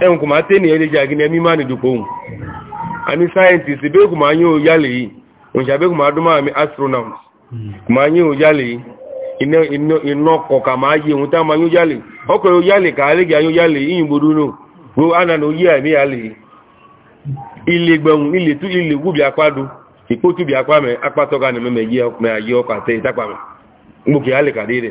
ẹun kò máa tẹ́ ní ẹlẹ́jà gínẹ́ mímá ní dùpò ohun àmì sáyẹ̀ntìsì bẹ́ẹ̀ kò máa yíò yálẹ̀ yìí òṣàbẹ́ kò máa dúnmọ́ àmì astronaut kò máa yíò yálẹ̀ yìí iná kọ̀ọ̀kà máa yí ohun tá máa yíò ma ọkọ̀ yóò yálẹ̀ ká ẹlẹ́gà yóò yálẹ̀ yìí ìgbòdú nù wo ánànà yí àmì yálẹ̀ yìí ilé gbẹ̀hùn ilé tú ilé wúbi apádu ìpótúbi apámẹ apátọ́gà nì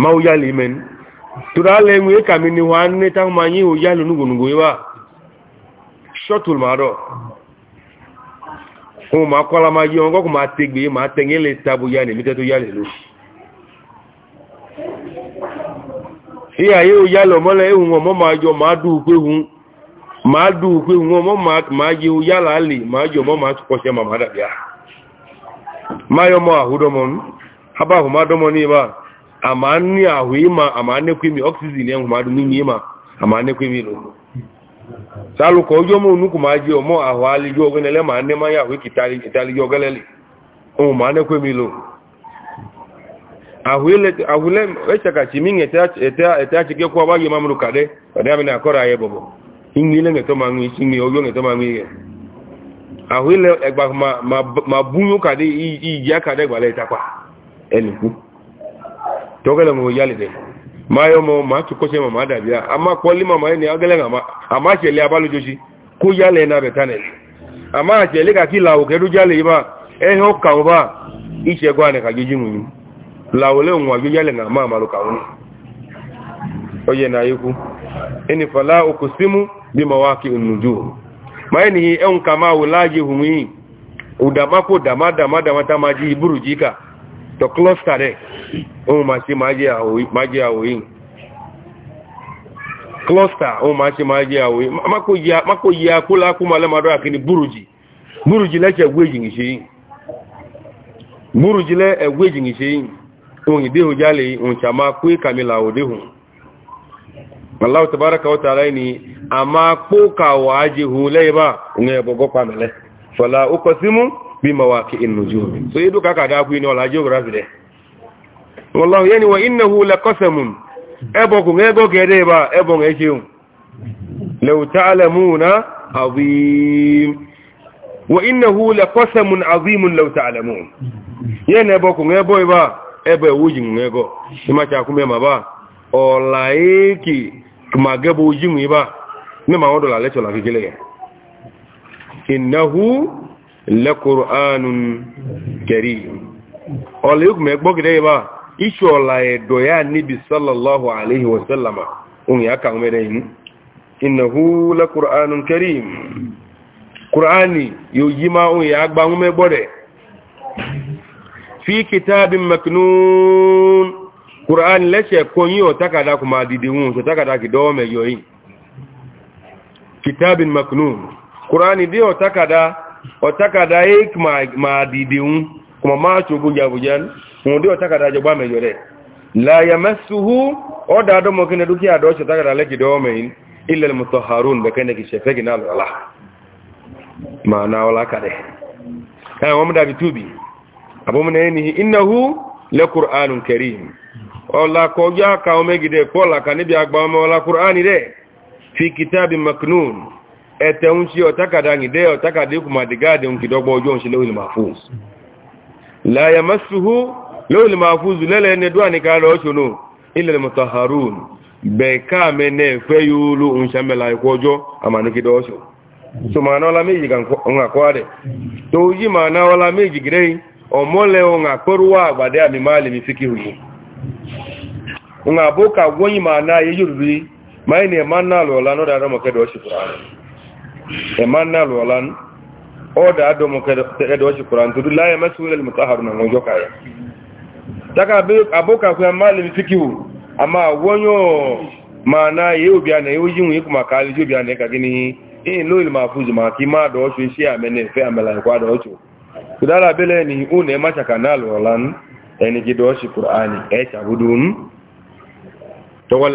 ma o yali men tura le nwe ka mi ni wa ne ta ma yin o yali nugo nugo wa shotul ma do o ma kola ma yi on ko ma tegbe ma le tabu yani mi te to yali lu yalo mo le ehun mo ma jo ma du pe hun ma du pe hun mo ma ma yala le ma jo mo ma ko se ma ma da ya ma yo mo ahudo haba ho ma ba ama nni ahụ ịma ama nnekwu imi oxygen enwe mmadụ n'ime ịma ama nnekwu lo salu ka ojo nuku ma omo ahu jo ma ma ya we kitali kitali jo gelele o ma nnekwu lo ahu ile le e chaka chi mi ke kwa ba mamru kade akora ye le ma ngi singi ojo ngeto ma ye ahu egba ma ma kade i i ya kade togele mo yalide mayo mo ma tu ko mo ma da biya amma ko lima ma ni agele ngama amma se le abalu joji ko yale na be tane amma se le ka ki lawo ke du jale ba e ho ka o ba ise ma lo ka won oye na yiku eni fala ukusimu bi mawaki nujum ni en kama wulaji humi udama ko dama dama dama burujika to cluster rẹ̀ ohun ma ṣe máa jẹ́ àwòyí cluster ohun ma ṣe máa jẹ́ àwòyí mako yí akúlákú ma lẹ́màdọ́ àkíní búrùjì búrùjì lẹ́ṣẹ̀ ẹgbẹ́ ìjìnì ṣe yìí búrùjì lẹ́ ẹgbẹ́ ìjìnì ṣe yìí ohun ìdéhù jálẹ̀ ohun ṣà máa kú ìkàmìlà ni a máa kó kàwàá jihun lẹ́yìn bá bi mawaqi'in nujum so yedo kaka da ku ni wala geography de wallahu yani wa innahu laqasamun ebo ku ngego gede ba ebo ngejiun law ta'lamuna azim wa innahu laqasamun azimun law ta'lamun yana ebo ku ngebo ba ebo wuji ngego ima cha kume ma ba olaiki magebo wuji ba mema wodo لقرآن كريم أوليكم يكبوك دايما إشو الله يدويا النبي صلى الله عليه وسلم أم يكا أمرين إنه لقرآن كريم قرآني يجيما أم يكبا أم يبوري في كتاب مكنون قرآن لشي كوني وتكاداك ما ديديون وتكاداك دوم يوين كتاب مكنون قرآني دي وتكاداك ọ̀tákàdá èkì máa dìde ń kọmọ máa tó bújabújá wọn dé ọ̀tákàdá jọgbá mẹ́jọ rẹ̀ láyàmẹ́sùhú ọ́dá adọ́mọ kí ní dúkìá àdọ́ ṣe tákàdá lẹ́kìdọ́ mẹ́yìn ilẹ̀ mọ̀tọ̀ harun bẹ̀kẹ́ni kì ṣẹ̀fẹ́ gìnà lọ́la máa náà ọlá kàdẹ̀ káyà wọn dàbí túbì abọ́mọdé ní ináhú lẹ́kùránù kẹrin ọlá kọjá ka ọmọ gidẹ̀ pọ́ọ̀lá fi kìtàbí maknun ẹ̀tẹ̀ ń ṣe ọ̀tákàdá ìdẹ́ ọ̀tákàdé kùmà dìgáàdì ń kìdọ́gbọ́ ojú ọ̀ṣẹ́ lórí mafúz láyé mẹ́sùhú lórí mafúz lẹ́lẹ̀ ẹni dúwà ní káàlọ̀ ọ̀ṣọ́nù ilẹ̀ mutaharun bẹ̀ẹ̀káàmẹ́ náà fẹ́ yóò ló ń ṣàmẹ́lá ikú ọjọ́ àmànúkìdọ́ ọ̀ṣọ́ so màánà ọlá méjì ń àkọ́ rẹ̀ tó yí màánà ọlá méjì gírẹ́ náà lọ́ọ̀lá mọ̀kẹ́dọ̀ ọ̀ṣẹ̀ fúra rẹ̀ ẹ̀má náà lọ lánú ọ́dà àdọ́mọ kẹ́ẹ̀dọ́ ṣe kùrán tó dúdú láyé mẹ́sùn ilẹ̀ mùtáhàrù náà wọ́n jọ́ka yẹ taka abókàkú ẹ̀má lè fíkíwò àmà wọ́nyọ́ máa náà obi òbí na yóò yíwùn ikú màkà alẹ́ jóbi àná kàkí ní ìyìn lóyìn máa fújù máa kí má amene amala ni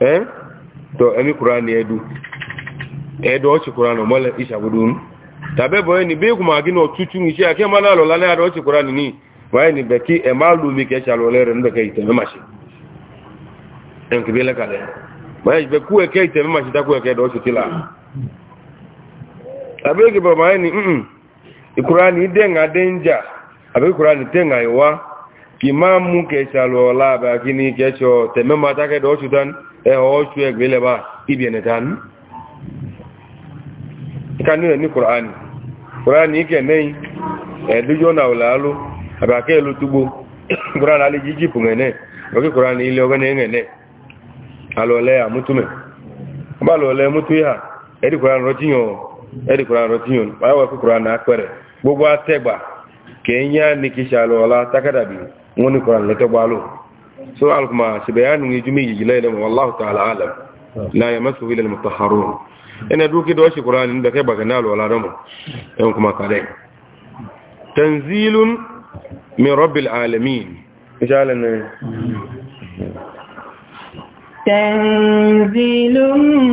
eh to emi qur'ani edu edu ochi qur'ani mole ishabudun tabe boy ni be kuma gino tutu ni se ake mana lo lana ochi qur'ani ni boy ni be ki e ma lu mi ke chalo le ren be ke ite ma shi en ke bele kale boy be ku e ke ite ma shi ta ku e ke do ochi tila tabe ke boy ni mm qur'ani de nga denja abe qur'ani te nga iwa ki ma mu ke chalo la ba kini ke cho te me ma ta ke do ochi tan ẹ̀họ́ọ̀ṣù ẹgbẹ̀lẹ́bà ibi ẹ̀nẹ̀tàánú ìkanú ẹ̀ ní kùránì kùránì ikẹ̀ mẹ́yìn ẹ̀dújọ́ náà làálù àbàkẹ́ ìlú túgbó kùránì alẹ́ jíjì pùmẹ̀nẹ́ lọ́kí kùránì kùránì rọtíyàn ẹ̀dì kùránì rọtíyàn báyọ̀ سؤالك ما سبيان يجمي جليل والله تعالى عالم لا يمسه إلا المطهرون أنا دوكي دوشي قرآن عندك يبقى نال ولا رمو ما قالين تنزيل من رب العالمين إيش الله تنزيل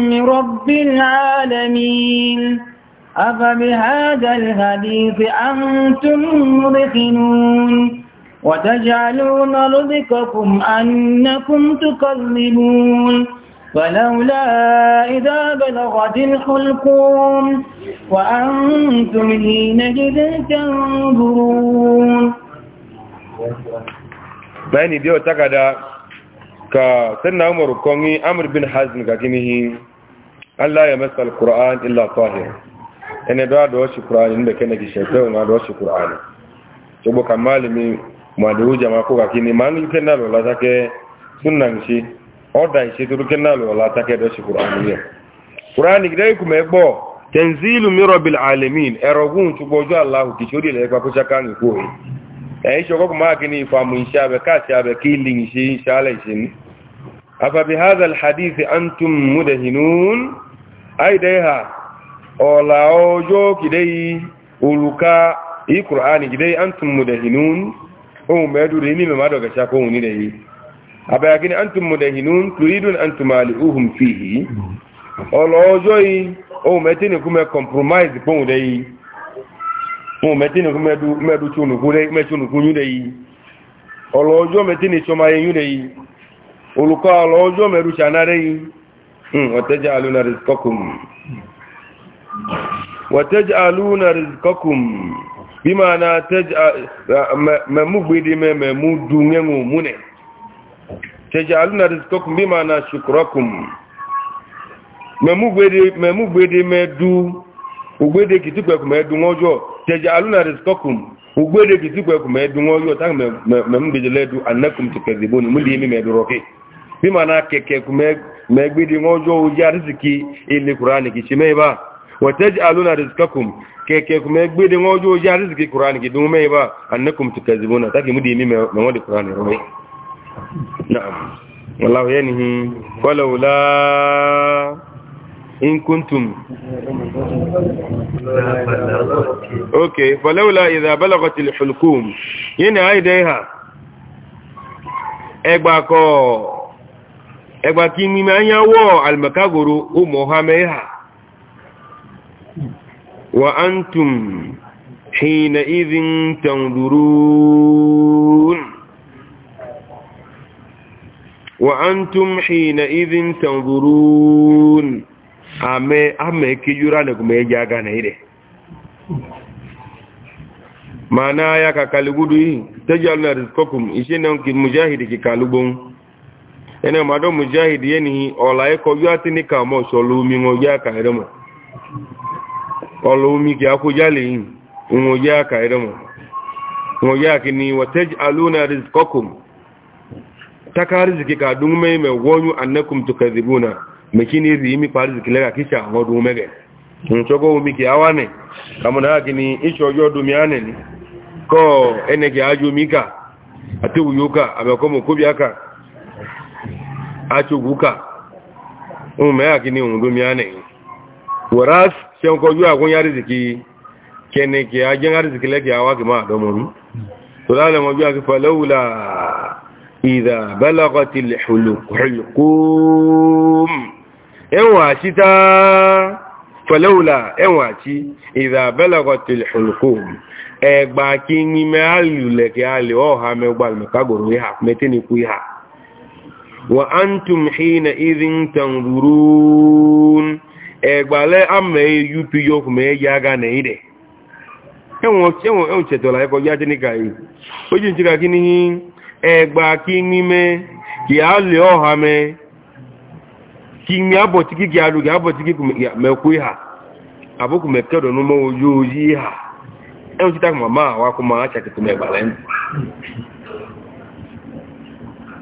من رب العالمين أفبهذا الحديث أنتم مدخنون وتجعلون رزقكم أنكم تكذبون فلولا إذا بلغت الحلقوم وأنتم حينئذ تنظرون bayani biyo takada ka sanna umaru kongi amr bin hazm ka kinihi Allah ya masa alquran illa tahir ene da do shi qur'ani inda kana ki shaytan na do shi qur'ani to bo kamalimi mọ̀dẹ̀wó jama kó kàkí ni ma ń kẹ́ náà lọ́la tákẹ́ súnà ń ṣe ọ́dà ìṣe tó kẹ́ náà lọ́la tákẹ́ dọ́ṣe kùránì yẹn kùránì gidẹ́ ikú mẹ́gbọ́ tẹ̀nzílù mírọ̀bìl alamin ẹ̀rọ̀gùn ṣùgbọ́jú aláhù kìí ṣórí ilẹ̀ pàkóṣá káàkiri kó rẹ̀ ẹ̀yìn ṣọ́kọ́ kò máa kí ni ìfàmù iṣẹ́ abẹ káàkiri abẹ kí lè ṣe ìṣàlẹ̀ ìṣe antum mudahinun aidaiha ọ̀la ọjọ́ kìdẹ́ yìí olùka ìkùránì antum mudahinun ohun mẹ́dúró ní mẹ́má dọ̀gẹ̀ ṣakó ohun nílẹ̀ yìí àbáyàkí ni antum mudahinun turidun antum alihum fihi ohun mẹ́tí ni kúmẹ́ compromise ohun mẹ́tí ni kúmẹ́dú túnukún yi yìí ọlọ́ọjọ́ mẹ́tí ni ṣọmáyé yúdẹ̀ yìí olùkọ́ ọlọ́ọjọ́ mẹ́rú ṣànárẹ́ yìí hmm, watajaluna rizqakum watajaluna bima na memugbe me memu dunyenwu mune tejaluna rizqakum bima na shukrakum memugbe di me du ugbede kitikweku me du ngojo tejaluna rizqakum ugbede kitikweku me du ngojo ta memugbe le du annakum tukadibun muli mi me du roke bima na keke ku me me gbede ngojo uja riziki ile qur'ani kichimeba wa tajaluna rizqakum keke kuma gbede ngo jo ja rizki qur'an ki dum mai ba annakum tukazibuna taki mudi mi mai wadi qur'an ne na'am wallahu yanhi walaula in kuntum okay walaula idha balagat alhulqum yana aidaiha egba ko egba ki mi ma yawo almakagoro o mohameha وأنتم حينئذ تنظرون وأنتم حينئذ تنظرون أما أما كيجرانكم يجاغان إليه mana ya ka kaligudu yi ta jalna rizkokum ishe nan ki mujahidi ki kalugbon ene mado mujahidi yeni ola eko yuwa ti ni ka mo so lumi ngo ya ka iremo ọlọ omi kí a kó jálè yìí wọn yá ka ẹ̀rọ mọ̀ wọn yá kí ni wọ́n tẹ́jì alóna rizikọ́kùn taka riziki ka dùn mẹ́ mẹ́ wọ́nyú annakum tó kẹzìbó na mẹ́kí ni rí mi pa riziki lẹ́ka kí sàwọn dùn mẹ́gẹ̀ wọn omi kí a wá nẹ̀ kàmùnà kí ni iṣẹ́ ọjọ́ dùn mí á nẹ̀ ni kọ́ ẹnẹ kí a jó mi ká àti wùyó ká àbẹ̀kọ́mọ̀ kóbi á àti ògú ká wọn mẹ́ kí ni òun dùn mí á nẹ̀ kí ọkọ̀ ojú àkún yá rìsìkì kẹni kí a jẹ́ rìsìkì lẹ́kì àwá kì máa dọmọ rú tó lálẹ́ mọ́jú àti fàlọ́wùlà ìdà bẹ́lọ́kọ̀ ti hulqum ẹwọ̀n àti tá fàlọ́wùlà ẹwọ̀n ẹgbà kí ní mẹ́àlùlẹ̀kì alẹ́ ọ̀há mẹ́gbàlùmẹ́kàgòrò ìhà mẹ́tẹ́nikú ìhà wọ́n á ń tún ìrìn tàn egbale amaup e okwu ma eji aga na ide ewuchetara ọha ha abụkwu mekedo n'ụmụ oyi oyi e ma ha chakịtụ megbale ndụ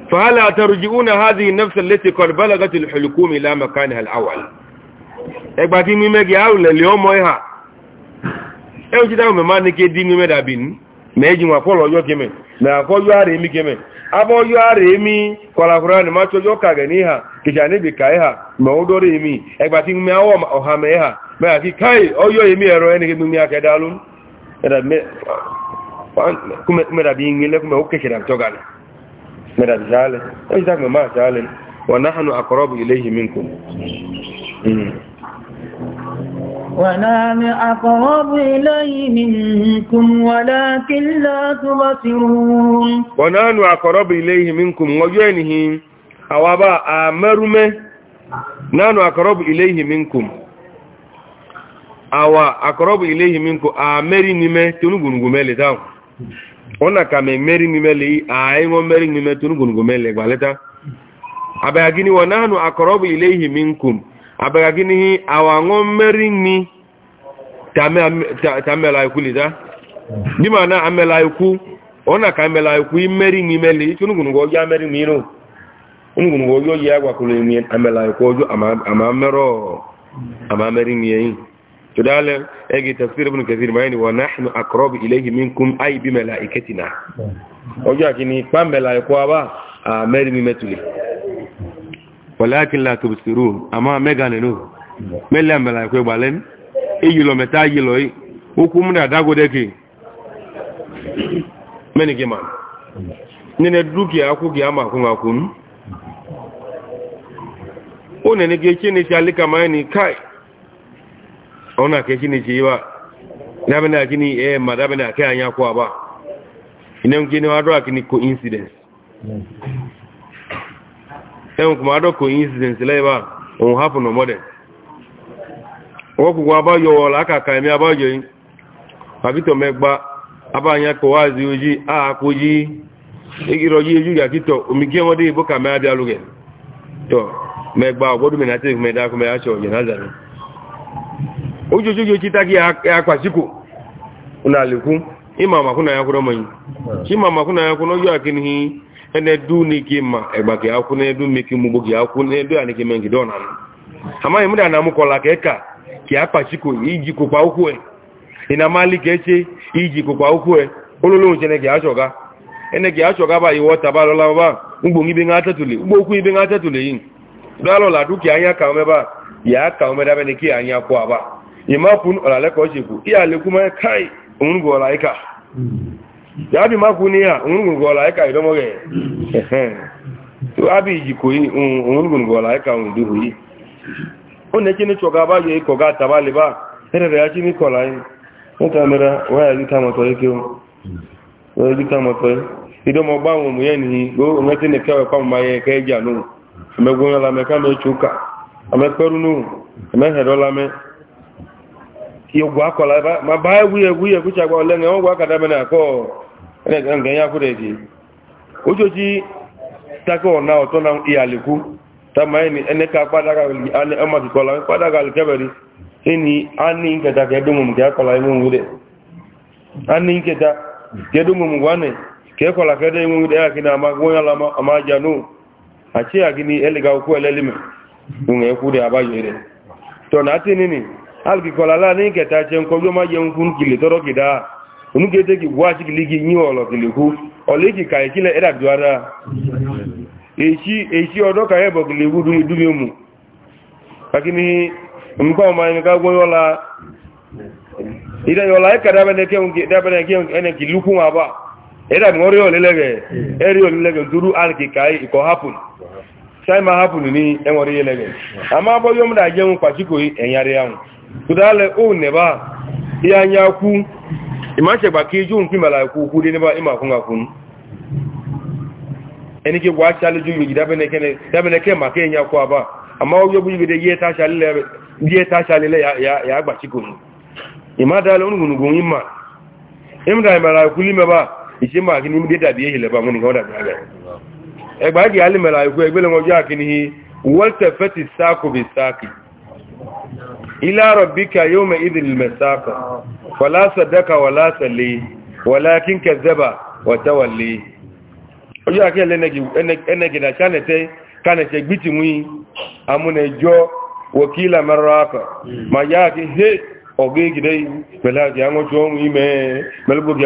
فهلا ترجعون هذه النفس التي قد بلغت الحلقوم مكانها egba kí n'ime gị e ahụ lelie ụmụ ihe a ewuchite ahụ mema nike dị n'ime dabin ma eji nwa kwọlọ ọjọọ keme na akọ ọjọọ ara emi keme abụ ọjọọ ara emi kwalakwara na macha ka gị n'iha kịcha ka ịha ma ọ dọrọ emi egba gị ọha ma ịha ma ya ولا من أقرب إليه منكم ولكن لا تبصرون ونحن أقرب إليه منكم وجنه أوابا أمرمه نحن أقرب إليه منكم awa akorobu ilehi minku a meri nime tunugunugu mele ta ona ka me meri nime le a ingo meri nime tunugunugu mele gbaleta abaya gini wa nanu akorobu ilehi minkum abega gini awango merini tame tame la ikuli da ni mana amela iku ona ka amela iku imeri ni meli tunu gunu go ya meri mi no unu gunu go yo ya gwa kulu mi amela iku ju ama ama mero ama meri mi yin to dale egi tafsir ibn kathir mayni wa nahnu aqrabu ilayhi minkum ay bi malaikatina hmm. ojo akini pamela iku aba a meri mi metuli walakin la tubsirun ama mega nenu mele amela kwe balen iyilo meta yilo yi ukwu mna dago deke meni ke man nene duki aku gi ama ku ngaku nu one ne ge chini si alika maini kai ona ke chini si wa nabe na kini eh madabe na ke anya kwa ba inen kini wadwa kini coincidence ẹ̀hùn kò máa dọ́kọ̀ incident lẹ́yìnbá òun hapun no modern wọ́n kùnkùn abáyọ wọ̀ lákàkà ẹ̀mí abáyọ yìí pàbítọ̀ mẹ́gbà abáyẹnkọ̀ wá sí ojí ààkójí ìrọ̀jí ojú yàtítọ̀ omi gí wọ́n dé ìbò kàmí enedu niki ma egba ki akwu n'edu miki mugbo ki akwu n'edu aniki mengi dona amaghị m da na m kọla ka ịka ki akpachiko iji kwụkwa ụkwụ e. ina mali ka eche iji kwụkwa ụkwụ ololo nchene ki achọga ene ki achọga ba iwọ tabalola ba ugbo ibe nga atatuli ugbo okwu ibe nga atatuli yin dalola duki anya ka omeba ya ka omedabe ni ki anya kwa ba imapun olale e e ka o chekwu iya lekwu ma kai onwunugwu ọla ịka abi makwu ni ya onwurugola ika idomoge to abi ijiko yi onwurugola ika onduhu yi o ne kini choga ba ye ko ga tabali ba ya chi ni kola yi o ta mera wa ya lita moto yake o o lita moto yi idomo ma ye ka eja nu amegun la ẹgbẹ̀rẹ̀ ya kúrẹ̀ jì ojójí takọ̀ ọ̀nà ọ̀tọ́ na ìyàlẹ̀kú tàbí ẹnẹ́ka pàdágàlì kẹbẹ̀rí ẹni a ní ìkẹta kẹdùnmùmù kẹkọ̀lá ìwọ̀n wúrẹ̀ a ní ìkẹta kẹdùnmùmù wánẹ̀ kẹkọ̀lá kẹdẹ̀ ìwọ̀n wúrẹ̀ ẹ̀kìnà àmájánú àti àgíní ẹlẹ́gà okú ẹlẹ́lẹ́mẹ̀ ohun ẹkú rẹ̀ àbáyọ rẹ̀ tọ̀nà àti nínú alùpùpù ọ̀lá ní ìkẹta jẹun kọjú ọmọ jẹun fún kìlẹ̀ tọ́rọ̀ kìdáà onu onuge gi gwa chigili gi nye ọlọgilihu ọlegi ka ekile ịdabiwara echi ọdọ ka ya bọgilihu dumi ụmụ kakini mgbe ọma emeka gwonye ọla ịdanye ọla ịka dabana eke eneki lukwu nwa ba ịdabi ọrịa olilege eri olilege nturu alki ka ikọ hapun sai ma hapun ni enwere ihe lege ama abọghị ọmụda jenwu kpachikoyi e enyarị yanwu kudale o bí anya kú ku kí jú ń pín màlà ikú kú dé níbà ìmà fún àkún ẹni kí wà ṣàlẹ́jú yìí dábẹ́nẹ́kẹ́ màkẹ́ ìyá kú àbá àmá ọjọ́ bú yìí yẹ́ tá ṣàlẹ́lẹ́ yà àgbà tí kò ní ìmá dáa lọ́nùgùnùgùn ìmà ìmìdá ìmàlà ikú límẹ́bà ba máa kí ní ìmìdé dàbí èyí lẹ́bà mú nìkan dàbí àgbà ẹgbàájì alìmẹ̀lá ikú ila rabbika yawma idhil masaqa wala sadaka wala salli walakin kazzaba wa tawalli ojo ake le negi enegi da chanete kanete gbiti mu amune jo wakila maraka ma yaki he ogegi dai bela ki ango jo mu ime melbo ki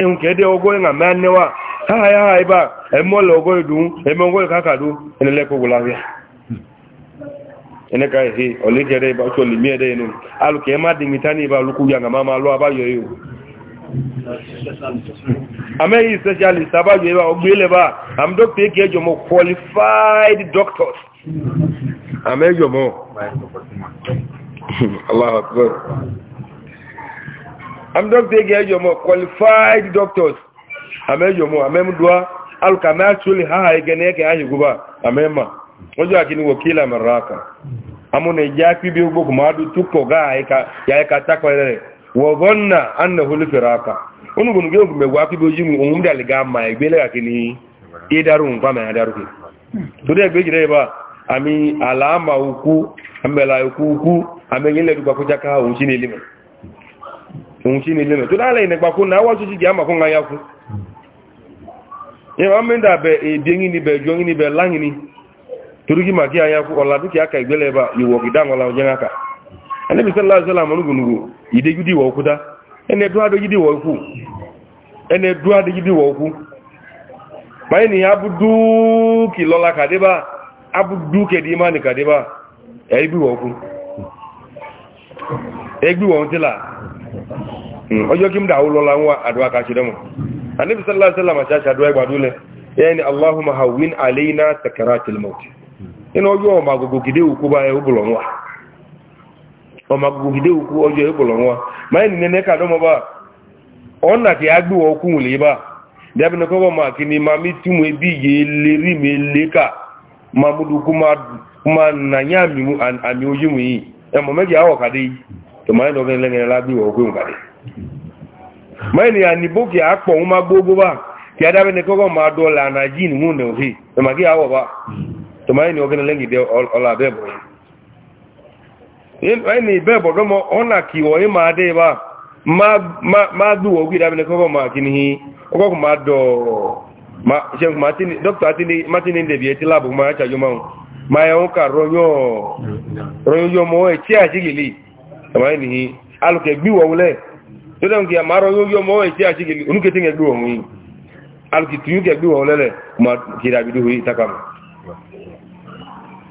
ẹ̀hùn kẹ́ẹ̀dẹ́ ọgọ́ ìrìnà mẹ́anẹ́wà káàyà àìbá ẹmọ́lẹ̀ ọgọ́ ìdùn ẹmọ́ ọgọ́ ìkàkàdú ẹnilẹ́kọ̀ọ́ wòláríà ẹnẹ́ka ìhe ọ̀lẹ́kẹ̀ẹ́dẹ́ ìbáṣọ́ lè mẹ́ẹ̀dẹ́ inú alùkẹ́ má dìmí tání ìbá olùkú yàgà má máa lọ abáyọ̀ yìí amẹ́yìí specialist abáyọ̀ yìí ọgbẹ́lẹ́bà am doctor eke ẹjọmọ qualified doctors amẹ́yọmọ allah akbar am doctor ge ejo mo qualified doctors am ejo mo amem dua al kamal tuli ha ege ne ke ayi guba amema ojo akini wakila maraka amune jaki bi ugo kumadu tuko ga eka ya eka takwere wa dhanna annahu li firaka unu gunu ge me wa ki bi ojimu onum dal ga ma egbele akini idarun kwa ma daru ki to de gbe jire ba ami alama uku amela uku uku amengile dugba kujaka o chini limo òun kí ni ilé mẹ́ tó dáàlẹ̀ ìnẹ̀gbàkó náà wọ́n tó ti jẹ́ àmà fún ayá fún yẹn wọ́n mẹ́ta bẹ̀ èdè yìí níbẹ̀ jọ yìí níbẹ̀ láyìn ni torí kí màkí ayá fún ọ̀là dúkìá ka ìgbẹ́lẹ̀ bá ìwọ̀ ìdáhùn ọ̀là ọ̀jẹ́ ńkà ẹnẹ́bí sẹ́lá sẹ́lá mọ́nùgùnùgù ìdégídì ìwọ̀ òkúta ẹnẹ́ dúró là ọjọ́ kí m dà wúlọ la ń wá àdúrà káṣí dẹ́mọ̀ anabi sallallahu alaihi wasallam àti àdúrà ìgbàdú lẹ yẹn ni allahumma hawin alayna sakaratil maut inú ọjọ́ ọmọ agogo gidé òkú bá ẹ òbùlọ̀ wọn ọmọ agogo gidé òkú ọjọ́ ẹ òbùlọ̀ wọn máa ní nẹ́nẹ́ ká dọ́mọ bá ọ̀nà kí á tòmáyé lọ́gẹ́ lẹ́gẹ́ lágbíwọ̀ ogún ìgbàdé mẹ́ni àníbókè àpọ̀ ń má gbogbo bá kí adábẹ́ ní kọ́kọ́ máa dọ́ọ̀lá ànájì ní múnà òfì tòmáyé àwọ̀ bá tòmáyé ní ọgẹ́ lẹ́gẹ́ ọlá bẹ́ẹ̀bọ̀ yìí ẹni bẹ́ẹ̀bọ̀ dọ́mọ ọ̀nà kìwọ̀ yìí máa dé bá máa gbíwọ̀ ogún ìdábẹ́ ní kọ́kọ́ máa kí ni kọ́kọ́ máa dọ̀ ṣẹ́kù dókítà martini ndèbí ẹtí láàbù máa ṣàjọmọ́ máa ẹ̀ ń kà rọyọ́ mọ́ ẹ̀ tí àṣígìlì ẹ̀wọ̀n nìyí alùkẹ́ gbí wọ̀ wọlé tó dẹ̀ ń kí àmàrọ̀ yóò yọ mọ́ ìṣe àṣìkè onúkẹ́tì ń gbí wọ̀ wọ̀nyí alùkẹ́ tù yóò kẹ́ gbí wọ̀ wọlé lẹ̀ kùmà kiri àbídó yìí ìtàkà mi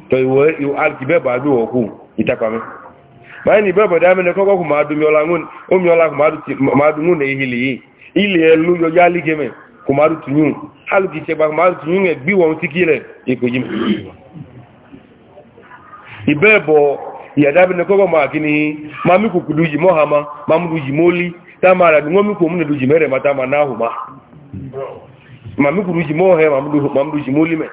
tọ́ ìwọ̀ alùkẹ́ bẹ́ẹ̀ bá gbí wọ̀ kù ìtàkà mi báyìí ní bẹ́ẹ̀ bọ̀ dáa mẹ́lẹ̀ kọ́kọ́ kùmà dùn mìọ́lá kùmà dùn ní ìhìlì yìí yadabi ne kogo ma kini mami ku kuduji mohama mamduji moli tamara ngomi ku duji mere ma mami ku duji mohe mamdu mamduji moli me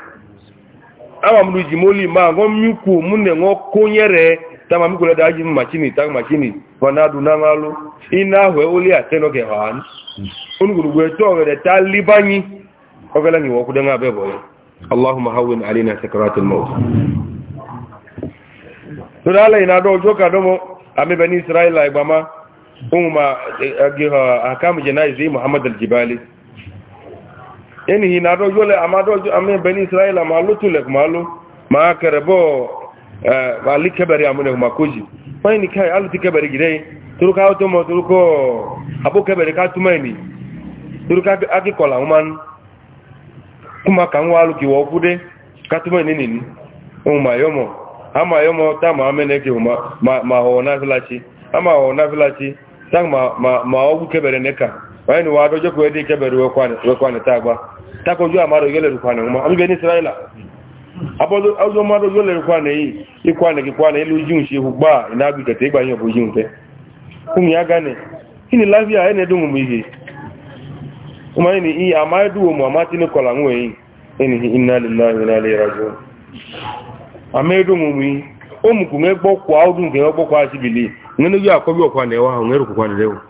ama mamduji moli ma ngomi ku mun ne ngokunyere tama mi ku da ji machini tang machini wanadu nangalo ina oli ateno ke han unuguru gwe to re talibani ni wo kudenga bebo Allahumma torí alẹ́ ìnadọ́ ọjọ́ kàdọ́mọ́ amẹ́bẹ̀ni israẹ́lá ìgbàmá ohun ma àkàmù jẹ́náìsí muhammad aljibali ẹni ìnadọ́ ọjọ́ amẹ́bẹ̀ni israẹ́lá ma ló tulẹ̀ ma ló ma kẹrẹbọ́ alí kẹbẹ̀rẹ amúnẹ̀ ma kójì wọ́n ni káyà alùtí kẹbẹ̀rẹ gìrẹ́ torúkà ọtọ́mọ torúkọ abó kẹbẹ̀rẹ ká túmọ̀ ẹni torúkà akíkọ̀ làwọn máa ń kúmọ̀ kàwọn alùkìwọ̀ ọkú dé ká túmọ̀ ẹni nìní ohun ma yọmọ̀ ama yo mo ta ma amene ki ma ma ho na filachi ama ho na filachi ta ma ma ma ogu kebere neka wai ni wado jo edi kebere we kwani we kwani ta gba ta ko jo amaro yele ru kwani mo ambe ni israila abodo ojo amaro yele ru kwani yi ikwani ki kwani ilu jun se gba ina bi kete gba yin bo jun te kun ya gane lavia ene mu kuma i mu amati ni kola nwe amedo mumwi omu kunge gbokwa odu nge gbokwa sibili ngene yo akobi okwa ne ngere kokwa lewo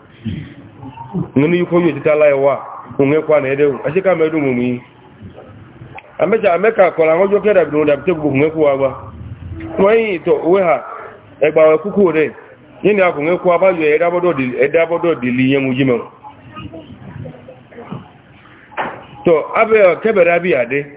ngene kwa medo ameja ameka kola ngojo kera kwa to weha egba we kuku re kwa ba era bodo di bodo di liye mujime to abe abi ade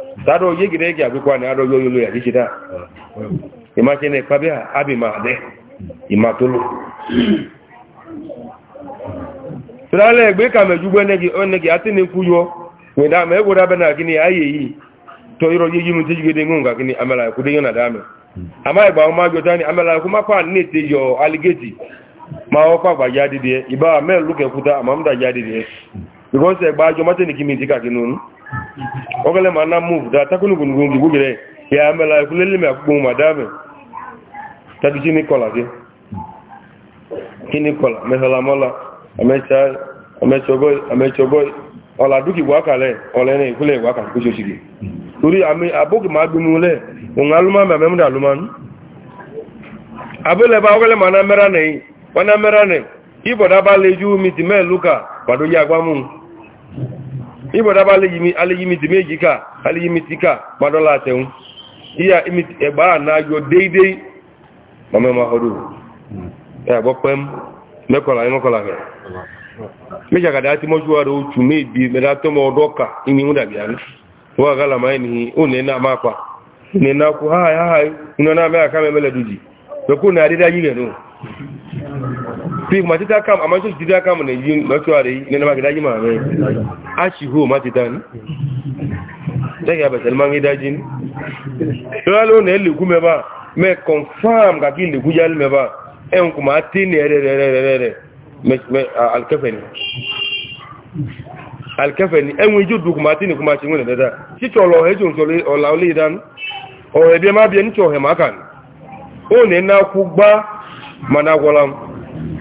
tado yegire yegi abikwa ni ado yoyo ya kishida imagine kabia abi maade imatulu tulale gbe ka mejugbe negi onegi ati ni kuyo wenda me goda bana gini aye yi to iro yeyi mu tejigede ngunga gini amala ku de yona dame ama igba o ma jota ni iba me kuta amamda jadi de because egba ajo mate ni ogele ma na move da takunu gungun gi gugire ya mela kulele me akpo madame tabi jini kola ge kini kola me hala mola amecha amecho boy amecho boy ola duki wa kale ole ne kule wa ka kujo shige turi ami abogi ma abele ba ogele ma na mera nei wana mera nei ba leju mi ti me luka padu ya mu. ibadaba alayimiti méjì ká alayimiti ká padọ́lá àtẹ̀hún iya ẹgbà ànájọ déédé mọ́mẹ́mọ́ ọdún ẹgbọ́ pẹ́m mẹ́kọ̀lá mẹ́kọ̀lá rẹ̀ méjàkàdá tí mọ́ṣúwárò oṣù méjì mẹ́ta tọ́mọ ọdọ́ka inú ìwúdà bí i wọ́n gá pa na aka pig eh? eh, eh, ma kam akáàmù àmọ́ ìṣòkì títí akáàmù nà yìí lọ́kíwà rẹ̀ ma gídájí a rẹ̀ á ṣì hó má títà ní jẹ́kì àbẹ̀sẹ̀ ló máa ń gídájí ní lọ́wọ́ ló nà ẹlẹ́kú mẹ́bà mẹ́ confam kàkí ìlẹ́kú yálé mẹ́bà ẹ̀hún ni kuma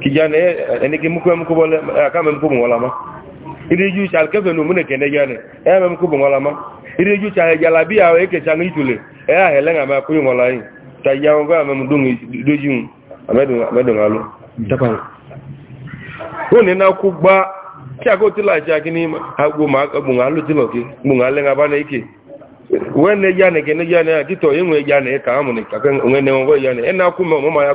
kijana ene ki mukwe mkubo eh, kama mkubo ngolama iri ju cha kefe no mune kene jane e eh, me mkubo ngolama iri ju cha jalabi e ke eh, ah, cha ngitule e a helenga ma ku ta ya ngo ame mdungi ngalo ko ne na ku gba ti ago ti la cha kini ma agbo ngalo ti loke gbo ngale nga ike wene jane kene jane akito yenwe jane ka amune ka ngene ngo jane e na ku mo ma ya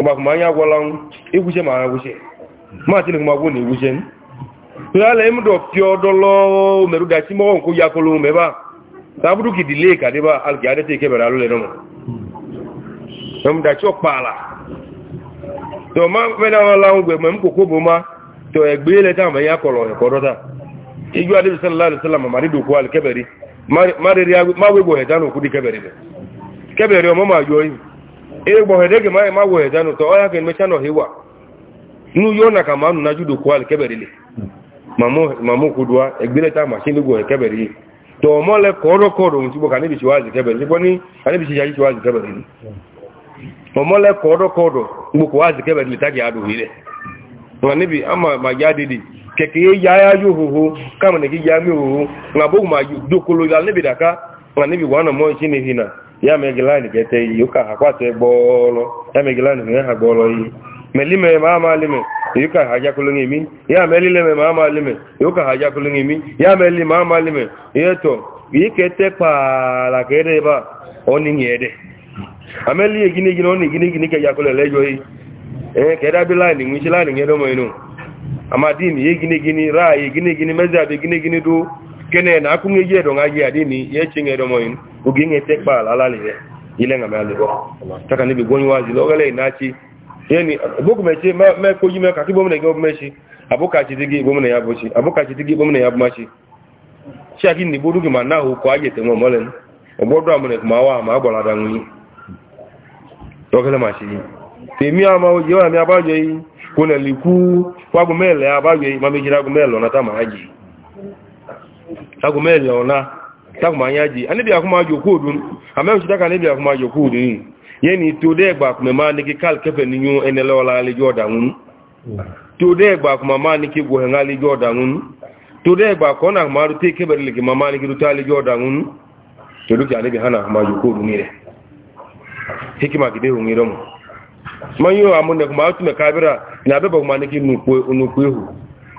ọgbakụma anya agwọlanwụ egwuche ma ha gwuche maatị na agwọ na-egwuche ala emdo pio dolo a ga ti mo nko ya kolo ba ka ga de te ke bera lo le ma la ngwe mo ko ko boma to egbe le ta ya kolo e ko dota igu ade sallallahu alaihi wasallam mari du ko al keberi mari mari ma we go he dano egbo hedege ma ma wo hedanu to oya ken mechano hiwa nu yona kama nu na judo kwal keberile mamu mamu kudwa egbele ta machine go keberi to mo le koro koro nti bo kanibi chiwazi keberi bo ni kanibi chijaji chiwazi keberi to koro koro bo kwazi keberi ta ya do hire to nibi ama ya ya yuhu kama ne ya mi hu na bo ma ju dokolo ya nibi daka na nibi wana hina ya megilani gete yi yuka hakwate bolo ya megilani ne ha bolo yi melime mama lime yuka haja kulungi mi ya melile me mama lime yuka haja kulungi mi ya meli mama lime yeto yikete pa la kere ba oni ngede ameli gini gini oni gini gini ke ya kulele jo yi eh keda bi line ngwichi line ngedo mo inu amadi ni gini gini ra yi gini gini mezabi gini gini du kene na akunge je do ngaji adini ye chinge do moyin uginge tekpa lalali ye ile ngame alibo taka ni bigoni wazi logale nachi Yeni boku meche me, me ko yime ka kibo mne go mechi abuka chidigi bo mne yabo chi abuka chidigi bo mne yabo machi chaki ni bodu ki manahu ko aje te ngomolen obodo amune kuma wa ma gbola da nwi logale machi temi ama o je wa mi yi ko na liku wa gumele abajo yi ma mejira gumele na ta ma aji tagu me lona tagu manyaji anibi akuma joku dun ame uchi taka anibi akuma joku dun ye ni to de gba kuma ma ni ki kal kefe ni nyu enele ola le joda mun to de gba kuma ma ni ki go henga le joda mun to de gba ko na ma rute kebe le ki mama ni ki ruta le joda mun to duki anibi hana kuma joku ni re hikima gide hun iromo manyo amune kuma atume kabira na beba kuma ni ki nukwe nukwe hu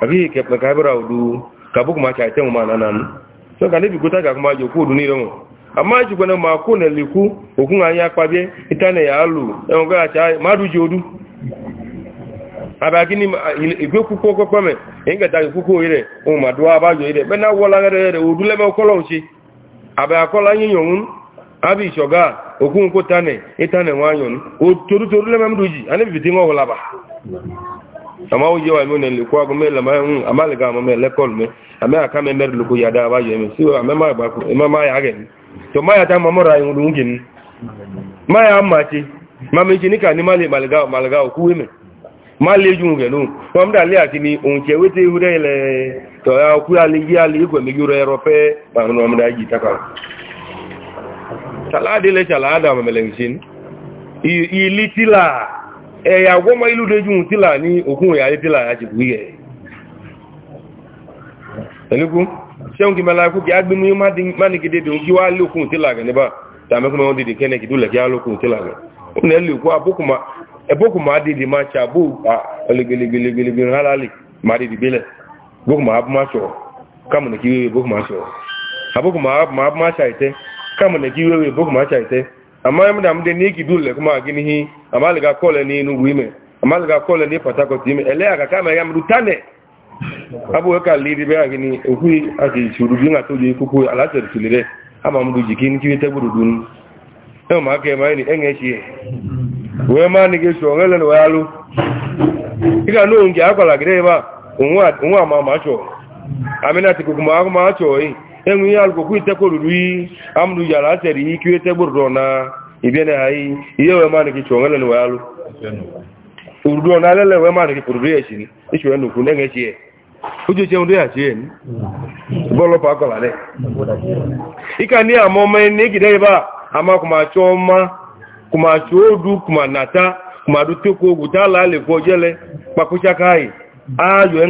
abi ke kabira udu kabuku ma ka ite mu ma nanan so ka nibi kuta ka kuma joku du ni rongo amma ji gwana ma ku ne liku oku nga ya pabe itane ya alu e ngo ga cha ma du jodu abaki ni igwe kuko ko pame inga ta kuko ire o ma du aba jo ire be na wola ngere ire o du le me okolo nsi aba akola yin yun abi shoga oku nko tane itane wa yun o toru toru le me mduji ani bi ti ngo wola ba ama wo jẹ wa mi o nẹni kó ago mẹlẹ ama ń ama lè ga ama mẹ lẹkọọlù mẹ amẹ aka mẹ mẹrin lóko yàda aba yẹ mi si o amẹ má ba ko ẹ má má yà gẹ ni tó má yà tá mamọ ra ìwọlù ń kìíní má yà á má ti má mi kìíní kà ní má lè màlìgá màlìgá òkú wé mẹ má lè ju gẹ lóhùn wọn mi dà lé àti ni òun tiẹ wéte ihu dẹ lẹ tọ ya òkú alẹ yí alẹ ikú ẹmí yúrọ ẹrọ pẹ bàmí wọn mi dà yí takà sàlá ẹ̀yà gbọ́mọ ìlú dojú tílà ní ogun ìyàrí tílà àti ìwúyẹ̀ ẹ̀lúkú ṣẹ́un kí mẹ́lá kúkí agbínú mánìkìdé dùn kí wá lókun tílà rẹ̀ níbà tàmẹ́kùnmọ́ wọn dìde kẹ́nẹ̀kì tó lẹ̀kí alókun tílà rẹ̀ ó nẹ́ lè kó ẹbókùnmá dìde máa ṣe àbó ọlẹ́gbẹ̀lẹ́gbẹ̀lẹ́gbẹ̀ hálálì máa dìde gbélẹ̀ bókùnmá abúmá ṣọ̀ kámùnà kí wéwé bókùnmá ṣọ̀ àbókùnmá abúmá ṣàìtẹ́ amma m na m dị n'iki dule kuma gị n'ihi amalị ga-akọle n'enugwu ime amalị ga-akọle n'i port ime ele ya ka ama ya mrụ tane abụghị ka liribe ya gịnị okwughị aka isuru gị nata ụjọ ikuku ala tertulire ama m ruji gị nkiri tegburudun enwe ma aka eme ni enye wee maa nị gị so onwele na wee alụ ị akwala ebe a ma chọọ amịna tikuku ma ẹnu yẹ alùpùpù ìtẹ́kọ̀lùlù yìí amúlù yàrá àtẹ̀rì yìí kí ó tẹ́gbọ̀rọ̀ náà ìbẹ́nẹ̀ ayé ìyẹ́wẹ̀ máa nìkì tí ọ̀rẹ́lẹ̀ wà ló òrùdó ọ̀nà alẹ́lẹ̀wẹ̀ máa nìkì òrùdó ẹ̀ṣì ní ìṣòro ẹnu òkun lẹ́gẹ̀ẹ́ ṣe ẹ̀ ó jẹ́ ṣeun dé àṣẹ ẹ̀ ní bọ́ọ̀lọ́pọ̀ akọ̀là rẹ̀ ìkà ní àmọ́ ọmọ ẹni gidẹ́ ibà àmà kùmàṣọ́ ọmọ kùmàṣọ́ òdu kùmànàta kùmàdútókò ògùtà lálẹ́ fọjẹ́lẹ́ pàkúṣákáì áàyò ẹ̀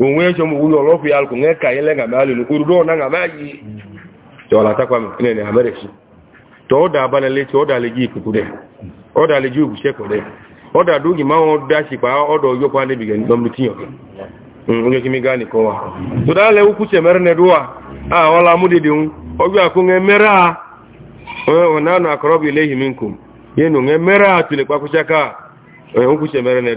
onwe cho mu ulo lofu yal ko ngeka yele ga mali lu kurudo na ga maji to la takwa mm, ne ne habare shi to da bana le to da le ji ku de o da le ji ku she dugi ma pa o do yo pa ne bi wa to le ku che mer ne duwa a wala mera o na na akrobi mera tule kwa kuchaka o e, ku che mer ne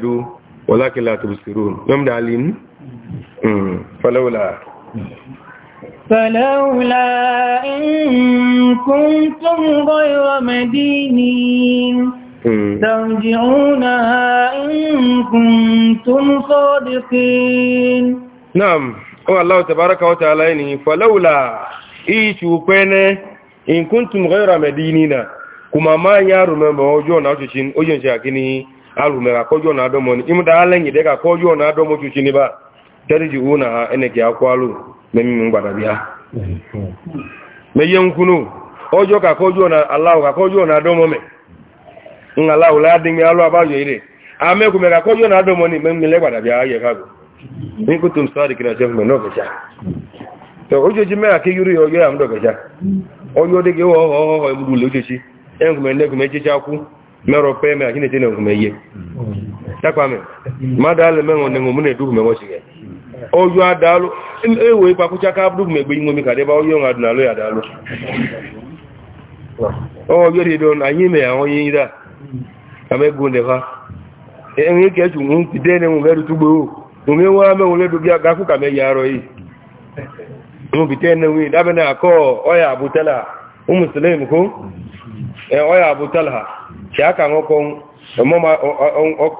فلولا فلولا إن كنتم غير مدينين ترجعونها إن كنتم صادقين نعم هو الله تبارك وتعالى فلولا إيشو كوينة إن كنتم غير مدينين kuma ma ya rumembe ojo na ojo chin ojo nshi akini alumera kojo na adomo ni imuda alengi deka kojo na adomo chuchini ba tẹ́rìjì wó na ẹnẹ̀kì akwálò mẹ́mí gbàdàbí ha mẹ́yẹ ń kúnnù ọjọ́ kàkọ́jú ọ̀nà aláwọ̀ kàkọ́jú ọ̀nà adọ́mọ́mẹ́ ń aláwọ̀ ládínmí alọ́ abájọ ilẹ̀ amẹ́kùnmẹ́ kàkọ́jú ọ̀nà adọ́mọ́ ní mẹ́mí lẹ́gbàdàbí ayẹ káàkó ní kó tó ń sáré kí ojoji mẹ́ra kí yúrí ọjọ́ àmúdọ̀gẹ̀já ọjọ́ dégé ọ̀họ̀họ̀ ìbúdú lè ojoji ẹnkùnmẹ̀ ẹnẹ́kùnmẹ̀ jíjá kú mẹ́rọ pẹ́ mẹ́ra kí ní tẹ́lẹ̀ ẹnkùnmẹ̀ yẹ tápàmẹ̀ má dáálẹ̀ mẹ́rọ nẹ̀mùmúnẹ̀ dúkùnmẹ̀ wọ́n sì rẹ̀ oyo adalụ ewe ịkpakụcha ka abụrụ m egbe inwe m ka debe oyo nwa dụnalụ ya adalụ oyo rido na onye ire a amego ndeha enwe ike echu na enwe erute ugbo onwe ka meyi arọ iyi nwepite na na akọ ọya abụtala ụmụ silim hụ e, ha ka aka nwụkọ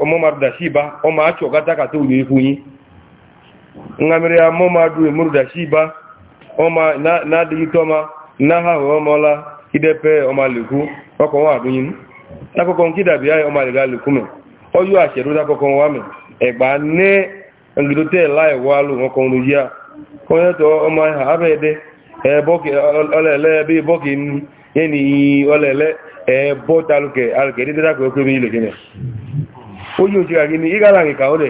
ọmụmadụ dashi ba ọma achọ gata kata uyo ikwu yi ngamiri ya mụ du emuru da shi ba ọma na adịghị tọma na ha hụ ọmọla idepe ọma lekwu ọkọ nwa adụnyi takọkọ nke dabi ya ọma lega ọyụ acheru takọkọ nwa me ẹgba ne ngidote lai walu ọkọ nru ya onye tụ ọma ha abụ abede ọlẹlẹ ebe bọki nnu yẹ ni ọlẹlẹ ẹbọ e talukẹ alukẹ dídá kọ ekwe mi ilẹ gẹnẹ oyi ojú àgini igala nkà ọdẹ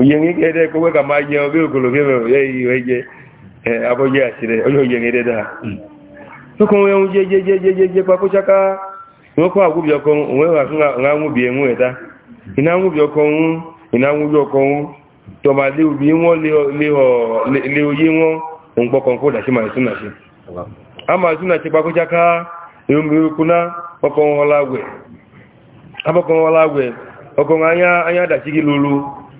oyengi kede ko ka ma nye obi okolo ke ye ama we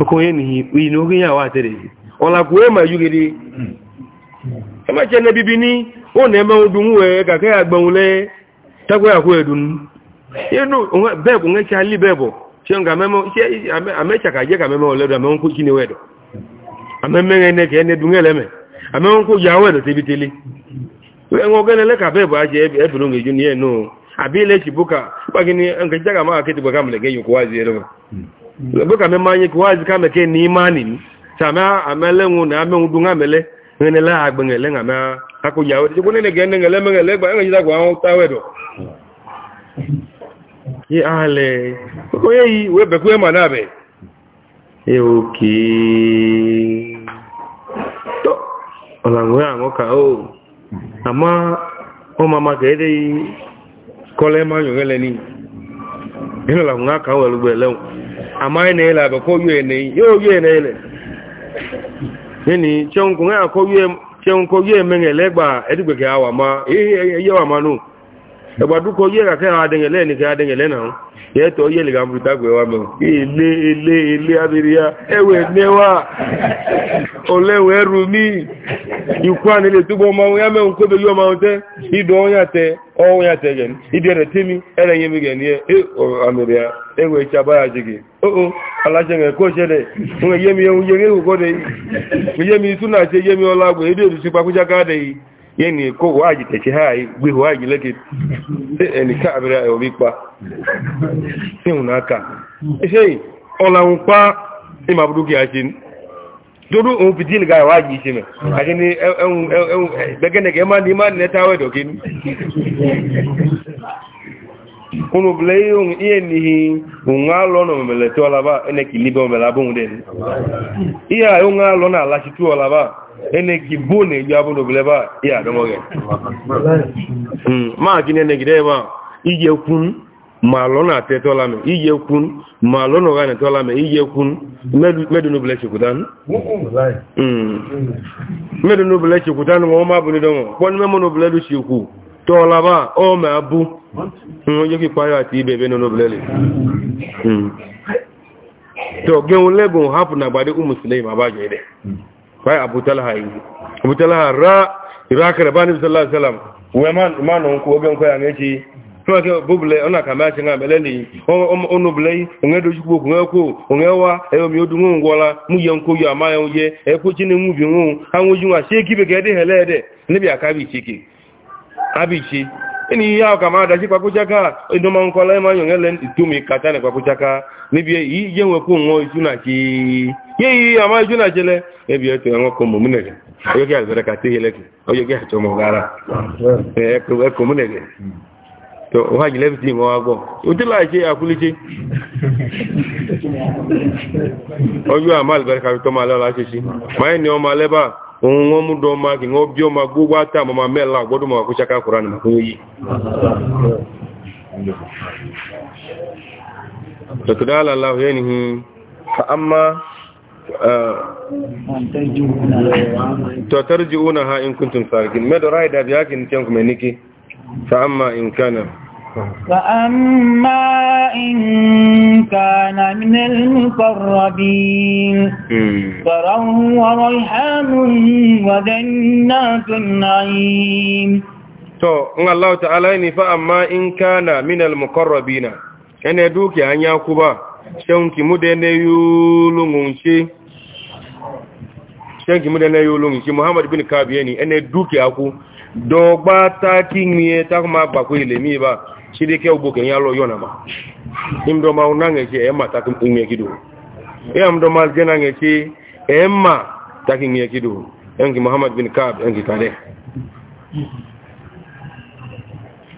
okonye na n'ihi ikpe na oge ya awatere ọla kwuwe ma yugiri emache na ebibi ni ọ na-eme odu nwe ka ka ya agbanwule takwa ya kwụ edun inu bebụ nwecha ali bebụ chenga amecha ka je ka meme oledo ame nkwụ chi na-ewedo amemeghe ne ka ene dunye eleme ame nkwụ ji awedo tebiteli nwe ogelele ka bebụ aja ebiri nwe ju na ya no abịa ile chibuka kpagini nke jaga ma akịtị ka mle ga eyi kwụwazi ebe ka mema anyị kwa azika meke na a anị m sama amele nwu na ame nwu nga mele ngene la agbenge a ngama akunya we ko nene gene ngele mengele gba e ngida gwa tawe do ye ale ko yi we be kwe manabe e, e oki to ola ngwe ango ka àmáyé nà ilẹ̀ àbẹ̀kọ́ yóò ẹ̀nà yóò yóò ẹ̀nà ilẹ̀ nínú ṣẹun kò ń kọ́ yóò ẹ̀mẹ́rin ẹ̀lẹ́gbà ẹ̀dùgbẹ̀kẹ̀ àwà máa èyí ẹ̀yẹ́wà máa náà ẹgbàdúkọ yẹ kàkẹ́ àwọn adẹ́gẹ̀lẹ́ nìkan adẹ́gẹ̀lẹ́ náà yẹ tọ́ yẹ lè gàmùrù tágbẹ̀ wa mọ̀ ilé ilé ilé abiriya ẹwẹ̀ nẹwà ọlẹ́wẹ̀ ẹrù mí ikú ànílé túbọ̀ ọmọ ya mẹ́rin kóbe yọ ọmọ tẹ́ ìdọ̀ ọ̀yà tẹ ọ̀yà tẹ gẹ̀ ìdí ẹ̀rẹ̀ tẹ́mi ẹ̀rẹ̀ yẹmi gẹ̀ ní amẹ̀rẹ̀ ẹwẹ̀ ìṣe abáyà jìgì óò aláṣẹ̀rẹ̀ yẹni kó wáàjì tẹ̀ṣí háàí gbé wáàjì lẹ́kẹ̀ tí ẹni káàbìrà ẹ̀wọ̀bí pa tí òun náà ká iṣẹ́ pa ìmà àṣẹ ní dúdú fi díìlì gáà wáàjì iṣẹ́ mẹ́ unu bile ihe nihi unwe alọ na omemele hmm, te eneki libe omemele abụghị dị ihe a unwe alọ na alachitu ọlaba eneki bụ na eji abụ na obele ba ihe adọmọghị maa gị na-enegide ebe a iji ma alọ na ata etola iji ma alọ na ụgha na ma tọ́ọ̀lábà ọmọ abú wọn yóò kí parí àti ibẹ̀bẹ̀ nínú obìnrin tọ́ gẹun lẹ́gùn hapun àgbàdé umusulai àbájọ ilẹ̀ báyí a yìí abútálàhà rá ìrákẹ̀rẹ̀ bá ní sallálàsálàm wọ́n máa nà ń kó ọgbẹ́ nǹkan yàmẹ́ ti tún àkẹ́ bóbulẹ̀ ọ̀nà kàmẹ́ àti ẹ̀ngà mẹ́lẹ́ nìyí ọ̀nùbulẹ̀ ọ̀ngẹ́ dojúkú abichi ịna ihe ahụ ka m adachi kpakpụchaka edoma nkwala ịma nyonye le itumi kacha na kpakpụchaka mebie ije nwekwu nwa isu na chi ye ihe ihe ama isu na chile ebie mm. e, e, to nwoke ụmụ mnege onye gị azụrụ ka teghi gara onye gị achọ mọgara eko mnege to ha ji lefiti nwa agwọ ụdịla iche akwụlichi onye amalibere karịtọ ma alala achichi ma anyị na ọma lebe a onwom do ma gị ṅụọ bioma gbuo ụgwọ ata amama mel agwado ma agwụchaka kwụra na maka oyi tọtụdala lahụ enihi amma uh, tọtarji una ha in kuntum sarkin medo raida biya kin tenku meniki fa amma in kana فأما إن كان من المقربين hmm. فروه وريحان وجنات النعيم to in Allah ta'ala ni fa amma in kana min al-muqarrabina ene duki anya ku ba shanki mu de ne yulungunci shanki mu de ne yulungunci Muhammad bin Kabi ni ene duki aku dogba ta kinye ta kuma ba ku ile mi ba chidike ugbo kenye alụ yọ na ma ndoma una ngeche emma takinye kido ya ndoma jena ngeche emma takinye kido engi muhammad bin kab engi kare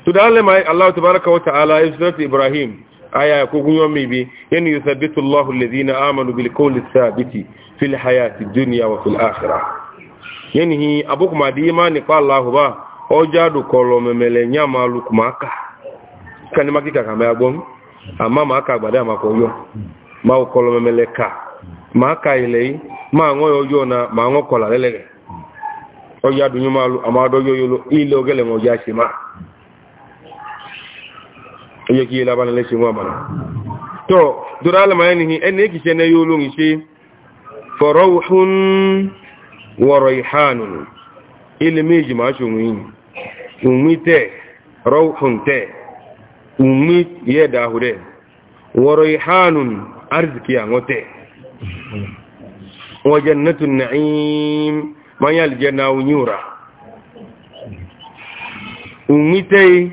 tudale mai allah tabaraka wa ta'ala israt e ibrahim aya ko gunyo mi bi yani yuthabbitu allah alladhina amanu bil qawli thabiti fil hayati dunya wa fil akhirah yani hi abukuma di imani kwa allah ba ojadu kolo memele nyama lukuma ka kani makika kama yagon ama maka gbadai amako yo ma ukolo ah, memele ka ma aka ilei ma ango yoyo na ma ango kola lelege oya dunyo malu ama ado yoyo lo ile ogele ngoja shima iyo ki ilaba nile shimwa mana to dura ala mayani hii ene ki shene yulu ngishi forawhun wa rayhanun ili miji maashu ngini umite rawhun te umi ye dahure warayhanun arziki angote wa jannatun na'im man yal jannaw nyura umi tay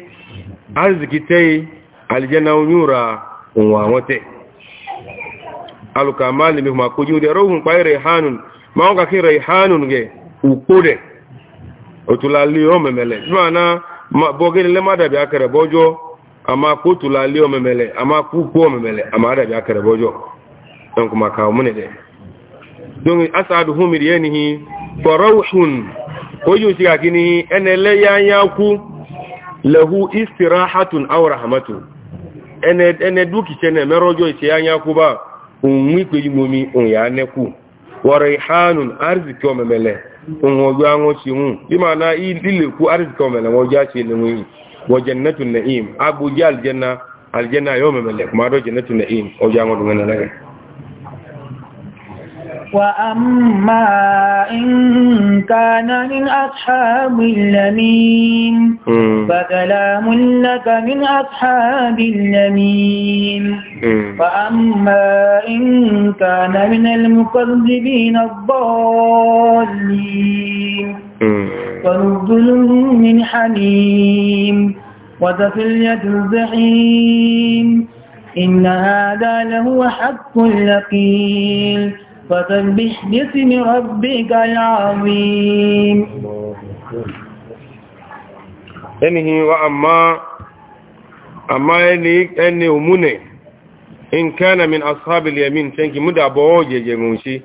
arziki tay al jannaw nyura wa angote alukamali mihuma kujude rohun pa rayhanun ma ka ki rayhanun ge ukude otulali o memele mana bogele le madabi akere bojo ama kotula ali omemele ama kuku omemele ama adabi akere bojo don kuma kawo mune de don asadu humir yenihi farauhun ko yu siga kini enele ya yaku lahu istirahatun aw rahmatun ene ene duki chene merojo ite ya yaku ba unwi pe yimomi un ya neku wa rihanun arziki omemele un ojo anwo si un bi mana ile ku arziki omemele wo ja chi ni wi wa jannatun na'im abu ji aljanna aljanna yau mai mallaka ma do jannatun na'im o ja ngodo ngana وأما إن كان من أصحاب اليمين فكلام لك من أصحاب اليمين وأما إن كان من المكذبين الضالين فنزل من حميم وتفلية الزحيم إن هذا لهو حق اليقين فسبح باسم ربك العظيم ẹnihi wa amma amma ẹni ẹni òmúnẹ̀ in kẹ́nà min ashabil yamin tẹ́nkì múdà bọ́ọ̀ yẹ̀yẹ̀ rúnṣí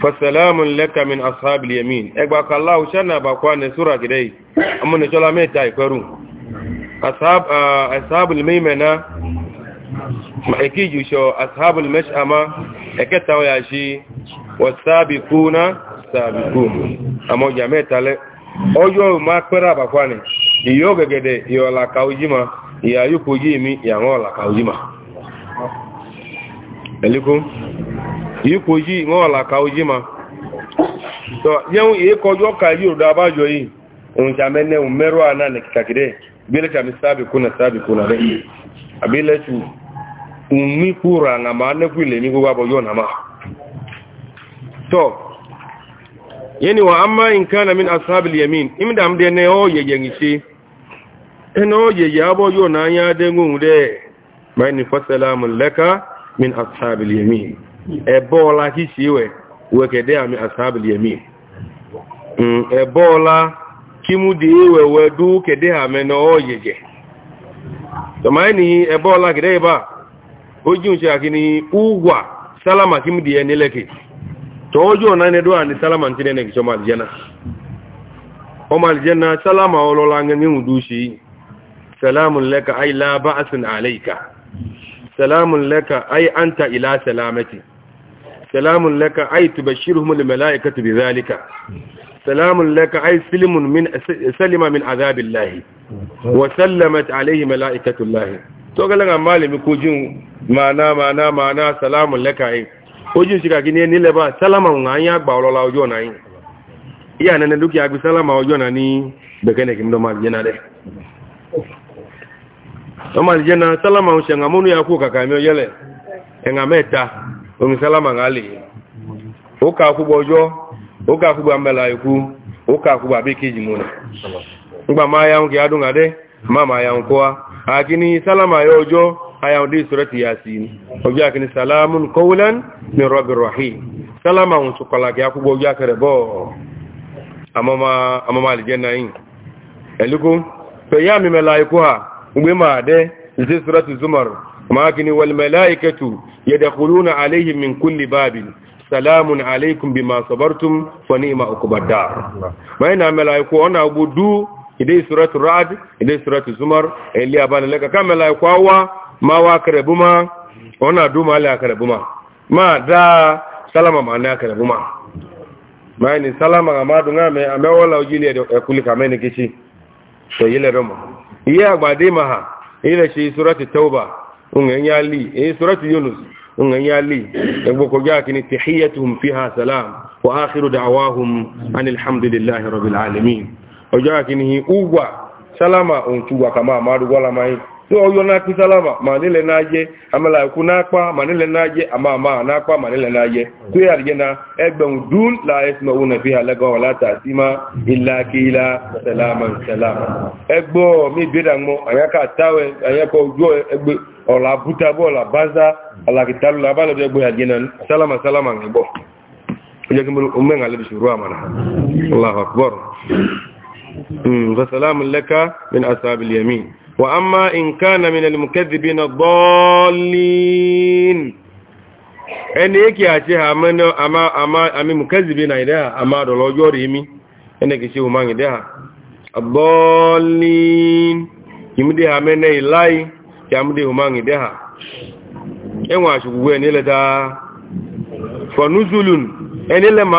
fasalamun lẹ́ka min ashabil yamin ẹgbà kàlá òṣà náà bà kwà ní súra gidai amúnẹ̀ṣọ́lá mẹ́ta ìkwẹ́rù ashabil mẹ́mẹ́na ekiju sọ ashabul mash'ama eketa ya shi wasabikuna sabikun amoja metale ojo ma pera bakwani iyo gegede iyo la kaujima ya yuko jimi ya ngola kaujima eliku yuko ji ngola kaujima so yeun e kojo ka yoruda umero ana ne kitakide bile kamisabikuna sabikuna re abile tu umi kura nga ma ne kwile mi ko babo yona ma to yani wa amma in kana min ashabil yamin imda amde ne o ye yengishi eno ye yabo yona ya de ngunde bayni fasalamun laka min ashabil yamin ebola kishiwe wekede ami ashabil yamin mm ebola kimudi iwe wedu kede ameno o yeje to mayni ebola kede ba ojú ṣe àkíní ugwa salama kimdi ya nileke ẹni lẹ́kì tó ojú ọ̀nà ni dọ́wà ni salama ntine ne kìí ọmọ o ọmọ àlìjẹ́nà salama o lola dú sí salamun laka ay la ba'sun alayka salamun laka ay anta ilá salamati salamun laka ay tubashshiruhum lil malaikati bidhalika zalika salamun lẹ́ka ay salimun min salima min azabillahi wa sallamat alayhi mala'ikatullahi tɔgɔlan ka malami kojin maana maana maana salamu lɛka ye kojin si ka kini ni lɛba salama ŋa an y'a gba o lɔ la o jɔ na ye y'a nɛnɛ duki salama o jɔ na ni bɛkɛ ne kimi dɔ ma ma salama o sɛ nka minnu y'a ko ka kan mi o yɛlɛ nka la iku o ka kubɔ na n gba maa y'anw kɛ a akini salama ya ojo aya odi surati yasin ojo akini salamun qawlan min rabbir rahim salama un tukola ke akugo ojo akere bo amama amama aljanna yin elugo to ya mi malaiku ha ngbe ma de zi surati zumar ma akini wal malaikatu yadkhuluna alaihim min kulli babin salamun alaikum bima sabartum fa ni'ma ukbadar ma ina malaiku ona gudu idai suratu ra'd idai suratu zumar eli abana leka kamela kwawa ma wa karebuma ona duma la karebuma ma da salama ma na karebuma ma ni salama ga madu ngame ame wala ujili e kulika meni kichi to yile romo iye agbade ma ha ile shi suratu tauba ungenya e suratu yunus ungenya egboko ja kini tahiyatuhum fiha salam wa akhiru da'wahum anil hamdulillahi rabbil alamin ọjọ́ àkíní ugwa sálámà òǹtugwà kàmá àmàrúgbọ́lá máa yìí ní ọyọ́ náà pín sálámà mà nílẹ̀ náà jẹ́ àmàlà ẹ̀kú náà pa mà nílẹ̀ náà jẹ́ àmàmà náà pa mà nílẹ̀ náà jẹ́ tó yà àdìgẹ́ náà ẹgbẹ̀rún dún láàẹ́sìmọ̀ òun nàfi àlẹ́gàn wà látàtí má ilá kílá sálámà sálámà ẹgbọ́ mi gbéra mọ́ àyàkà táwẹ̀ àyàkà ojú ẹgbẹ́ ọ̀là bútabọ̀ ọ̀là báza àlàkìtàlù làbálẹ̀ ẹgbẹ́ àdìgẹ́ náà sálámà فسلام لك من أصحاب اليمين وأما إن كان من المكذبين الضالين ẹni yake a ce àmì mukazibi na ìdá àmà àdọ̀lọ́jọ́ rí mi ẹni kì ṣe òmà ìdá àbọ́ọ̀lìn ìmúdé àmì ẹni ìláyí kí a múdé òmà ìdá ẹwọ̀n àṣùgbogbo ẹni lẹ́ta fọ̀núzùlùn ẹni lẹ́mà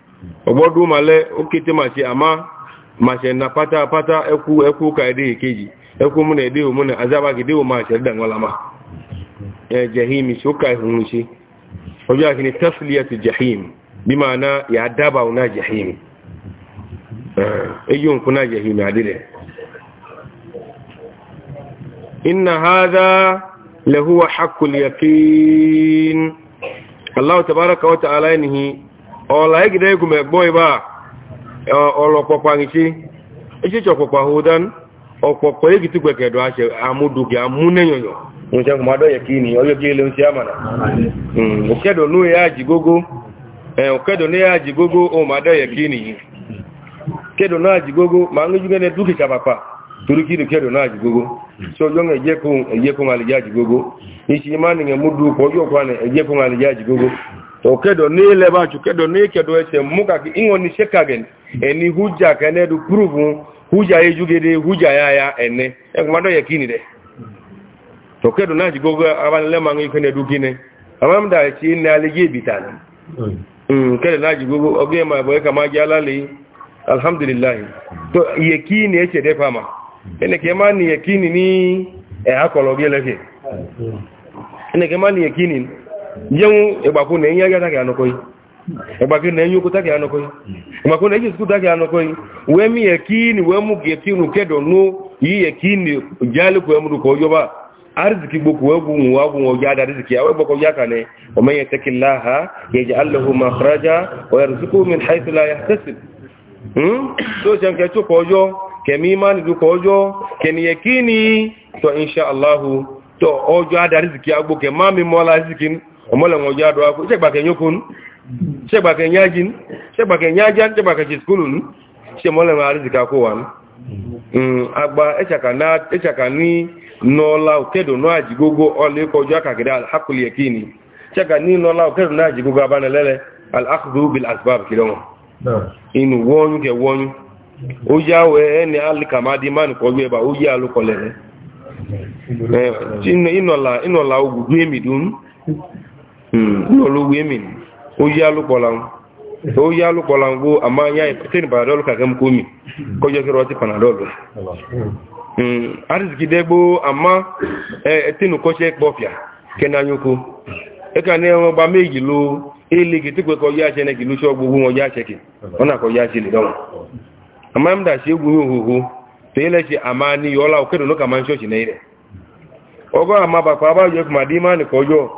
ọgbọ́dún malẹ́ ó kété ma ṣe àmá ma ṣe na pátápátá ẹkú ẹkú ka èdè ìkéjì ẹkú múnà èdè òmúnà azábàgídé òmà ṣẹ̀dàngọ́lámà jahim ṣókà ìhun ṣe ọjọ́ àkíní tafiliyatu jahim bí ma na ya dábà ọ̀nà jahim èyí òǹkún náà jahim àdírẹ̀ inna hadha lahuwa haqqul yaqin Allah tabaraka wa ta'ala nihi ọla egide egwu ma egbo ịba ọlọkpọkwa nchi echiche ọkpọkwa hudan ọkpọkwa egitigwe kedu ache amụdu gị amụ n'enyonyo nwụcha nkwụmadụ ya ka ị na onye gị ele nsi amana ụkedo hmm, n'ụya ji gogo ee eh, ụkedo n'ụya ji gogo ụmụadọ ya ka ị na-eyi kedo na ji gogo ma nwe jugene dukicha papa turu kiri kedo na ji gogo so ọjọ na ejekwu ejekwu ma alija ji gogo isi ịma na-enye mụdụ ụkwụ ọjọ kwa na ejekwu ma alija ji gogo okedo n'ile ba chukedo n'ikedo eche muka ki ingo ni shekagen eni huja kene du prove huja yejugede huja yaya ene ekumado yakini de okedo na jigogo abanle mangi kene du kine amamda echi ne alije bitana mm kene na jigogo oge ma boye kama jalali alhamdulillah to yakini eche de fama ene kema ni yakini ni e akolo gele ke ene kema ni yakini jẹun ẹgbàkú ní ẹyìn agbátàkì ànọkọ yìí ẹgbàkú ní ẹyìn okútàkì ànọkọ yìí ẹgbàkú ní ẹyìn okútàkì ànọkọ yìí wẹ́mí ẹ̀kí ni wẹ́mú gẹ̀tínú kẹ́dọ̀nú yìí ẹ̀kí ni jálẹ̀kù ẹmúdùkọ ọjọ́bá arziki gbogbo ẹgbùn wàgùn ọjọ́ adariziki àwọn ẹgbọ́kọ yáka ni ọmọ yẹn tẹ́kì láha yẹjẹ alahu makaraja ọ̀yàrùsíkú mi haifila ya tẹ́sì tó ṣe ń kẹ́ tó kọ ọjọ́ kẹ̀mí imani dúkọ ọjọ́ kẹ̀niyẹ kí ni tọ́ inṣàláhù tọ́ ọjọ́ adariziki agbókẹ̀ máa mi mọ́ aláàzikini ọmọlẹ̀ wọn jẹ́ àdọ́ akọ́ ṣẹ́gbàkẹ̀ yókún ṣẹ́gbàkẹ̀ yájín ṣẹ́gbàkẹ̀ yájá ṣẹ́gbàkẹ̀ ṣe skúlù ní ṣe mọ́lẹ̀ wọn àríṣìká kó wà ní agba ẹ̀ṣàkà ní nọ́ọ́lá òkèdò náà àjígógó ọlẹ́kọjọ́ àkàkẹ́dà àkùlẹ̀ kí ni ṣẹ́gbà ní nọ́ọ́lá òkèdò náà àjígógó abánilẹ́lẹ́ alákùdó bil asbab kìlọ̀ wọn inú lọ́lọ́wọ́ emin o yá alúpọ̀lá ń gbó àmá yá ìpẹ́tẹ́nì panadol kàkẹ́m kó mi kọjọ́ kí rọ́tí panadol arìsìkì dẹ́gbó àmá ẹ̀tẹ́nù kọ́ṣẹ́ pọ̀fíà kẹ́nayókó ẹka ní ẹwọ́n bá méjì ló ilé kìtí pẹ́kọ yá nwe nẹ́kì ló ṣọ́ gbogbo wọn yá ṣẹ́ kì wọ́n àkọ́ yá ṣẹ́ lè dánwò àmá ń dà ṣe gúnmí òhòhò tẹ́lẹ̀ ṣe àmá ní yọ́lá ama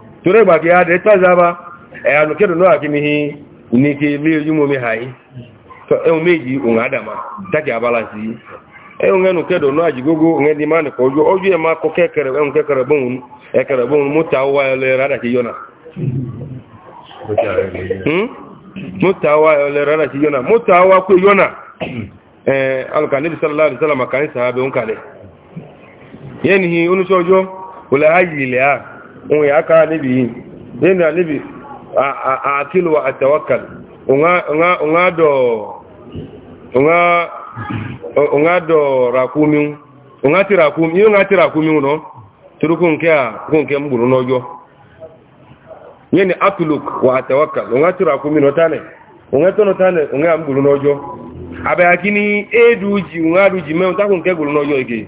torí ìgbà kí a dẹ̀ tàzába ẹ̀yà kẹ́dùn náà kí mihi ní kí lé ojúmọ́ mi hàí tó ẹun méjì òun àdàmà dákì abala sí ẹun ẹnu kẹ́dùn náà jì gógó òun ẹni máa nìkọ́ ojú ojú ẹ máa kọ kẹ́kẹrẹ múta múta pé sálàlá àdìsálàmà sàábẹ̀ òun kalẹ̀ un ya ka nibi yana bi a akilu wa atawakkal unga unga do unga unga do rakumi unga ti rakumi unga ti rakumi no turukun ke kun ke mburu nojo yene atluk wa atawakkal unga ti rakumi no tane unga to no tane unga mburu nojo abaya kini eduji unga duji me unta kun ke gburu nojo ege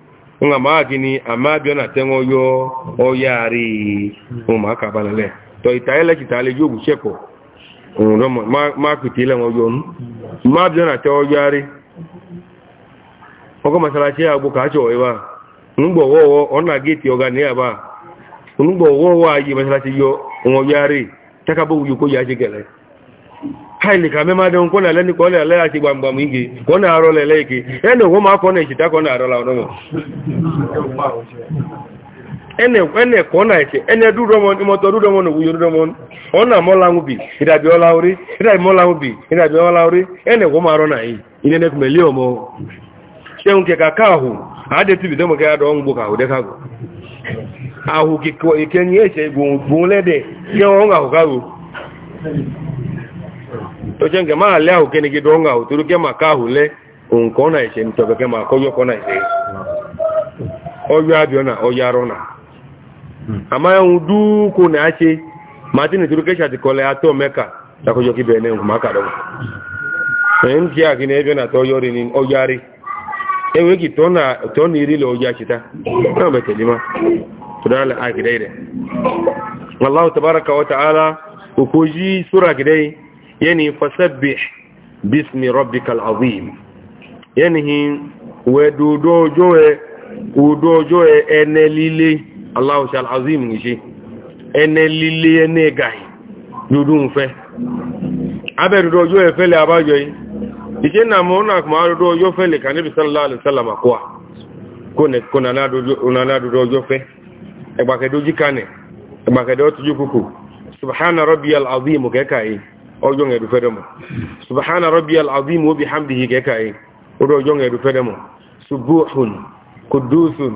nga ma gini ama bio na tengo yo o yari o ka bana to itaele kitale ma ma ngo ma bio na te o yari oko masala che agbo ka cho ewa ngbo wo wo ona geti oga ni aba ngbo wo wo ayi masala che yo ngo yari taka bo yuko ya gele kaini ka me made nko na le ni ko le le ati igi ko na aro le le igi wo ma ko na ijita ko na aro la ono ene ene ko na ite ene du do mo mo to du do mo no mo ona mo la ngubi ida bi ola ori ida mo la ngubi ene wo ma na yi ine ne kuma se ka ka hu ti bi do mo ka do ngbo ka de ka go ki ko ikenye ga ka oche nke ma ale ahụ kenegide ọṅụ ahụ toro ke maka ahụ le nke ọ na-eche nchọga ke maka ọyọ kọ na-eche ọyọ abịọ na ọyọ arụ na amaghị nwụ dukwu na-achị ma dị netoro kecha dịkọla ya tọọ meka takọjọ kibe ne nkụ maka dọgba onye m ji agị na-ebe na ọyọ rini e arị enweghị tọọ na iri le ọyọ chita na obetelima tụdala agide ire Allah tabaraka wa ta'ala ukoji sura gidai yani fasabbih bismi rabbikal azim yani we dodo joe udo joe ene lile allah shal azim ngishi ene lile ene gai dodo nfe abe dodo joe fele abajo yi ije na mo na ma dodo jo fele kanibi sallallahu alaihi wasallam akwa kone kona na dodo una na dodo jo fe egba ke doji kane egba do tuju kuku subhana rabbiyal azim ke kai ọjọ́ ẹ̀dù fẹ́dẹ̀mọ̀ subhana rabbi al'azim wa bihamdihi kẹ́kà ẹ̀ ọdọ̀ ọjọ́ ẹ̀dù fẹ́dẹ̀mọ̀ subuhun kudusun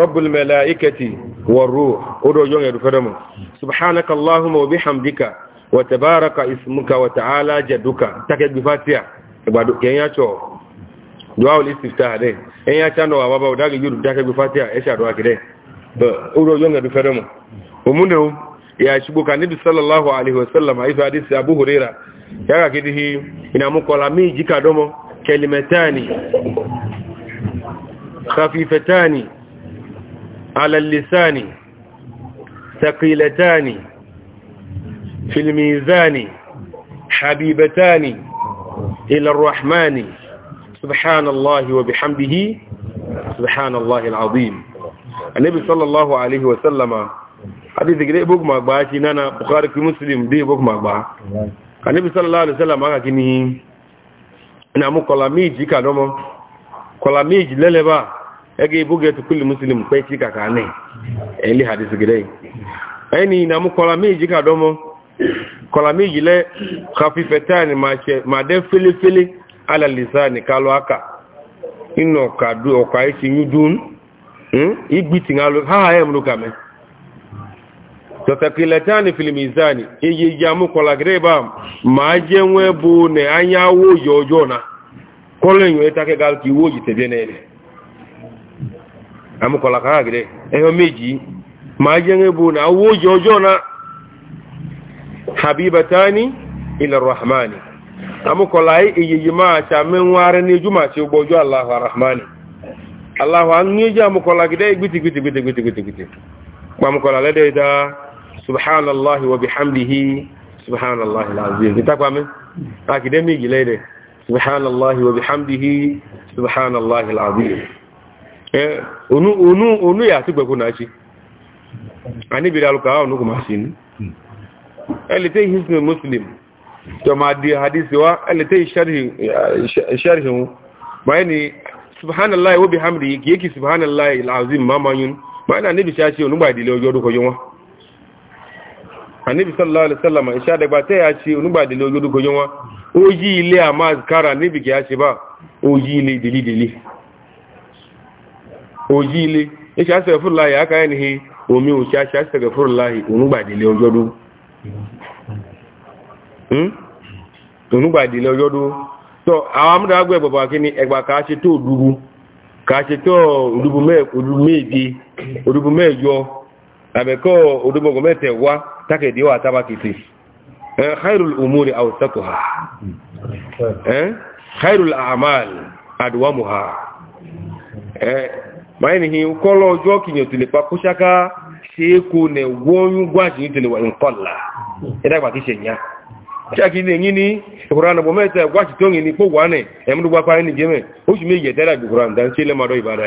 rabbul mala'ikati war ruh ọdọ̀ ọjọ́ ẹ̀dù fẹ́dẹ̀mọ̀ subhanaka allahumma wa bihamdika wa tabaraka ismuka wa ta'ala jaduka take gbi fatiha igbado kenya cho du'a ul istiftah de enya wa baba odage yuru take gbi fatiha e sha du'a kide ọdọ̀ ọjọ́ ẹ̀dù ya shigo ka nabi sallallahu alaihi wasallam ayi hadisi abu huraira ya ga kidihi ina mukola mi jika domo kalimatani khafifatani ala lisani thaqilatani fil mizani habibatani ila arrahmani سبحان الله وبحمده سبحان الله العظيم النبي صلى الله عليه وسلم hadisi gida ibo kuma gba shi nana bukari ki muslim bi ibo kuma gba anabi sallallahu alaihi wasallam aka kini ina mu kola miji ka domo kola miji leleba ege ibo ge tukul muslim pe ki ka kane eli hadisi gida eni ina mu kola miji ka domo kola miji le khafifatan ma ma de fili fili ala kalu aka ino kadu ọkwa kwa ichi yudun hmm igbiti ngalo ha ha emru kame tọ̀tàkìlẹ̀tàní filimizani iye ìyàmú kọlagireba máa jẹ́ wọ́n bó nẹ anyáwó yọjọ́ na kọlẹ̀yìn ẹ̀tàkẹ́gà kí wó yìí tẹ̀bẹ̀ nẹ́ẹ̀lẹ̀ àmúkọlagirẹ̀ ẹ̀yọ méjì máa jẹ́ wọ́n bó nẹ awó yọjọ́ na habibatani ilẹ̀ rahmani àmúkọlá iye yìí máa sàmẹ́wọ́n ní ojúmọ̀ àti ọgbọ́jọ́ aláhu rahmani aláhu àwọn ẹ̀yẹ àmúkọlagirẹ̀ gbìtìgbìtìgbìtìgbìtìgbìtì pàmùkọlá subhanallahi wa bihamdihi subhanallahi alazim kitakwa mi akidemi gile de subhanallahi wa bihamdihi subhanallahi alazim eh onu onu onu ya ti gbeku na chi ani bi daluka onu ko masin elite hisnu muslim to ma di hadisi wa elite sharhi sharhi bayani subhanallahi wa bihamdihi yake subhanallahi alazim mamayun bayana ni bi shashi onu ba dile ojo do ko yo won anibi sallallahu alaihi wasallam isha da ba ta yace onuba dele ojodu ko yonwa oji ile amazkara nibi ke yace ba oji ile dili dili oji ile isha se fullahi aka yani he omi o sha sha se fullahi onuba dele ojodu hm onuba dele ojodu so awam da gbe baba kini egba ka se to dugu ka se to odubu odubu meje odubu mejo abẹ́kọ́ odúgbogbo mẹ́tẹ̀ wá tákẹ̀dí wà tábàkìtì eh, khairul umuri awsatuha eh khairul a'mal adwamuha eh maini hi ukolo ọjọ́ kinyo tile pa kushaka ne wonyu gwaji tile wa inqalla ida gba kise nya chaki ne ngini qur'an bo mete gwaji tongi ni po wane emdu gwa kwa ni jeme o shi me yedara bi qur'an dan sele mado ibada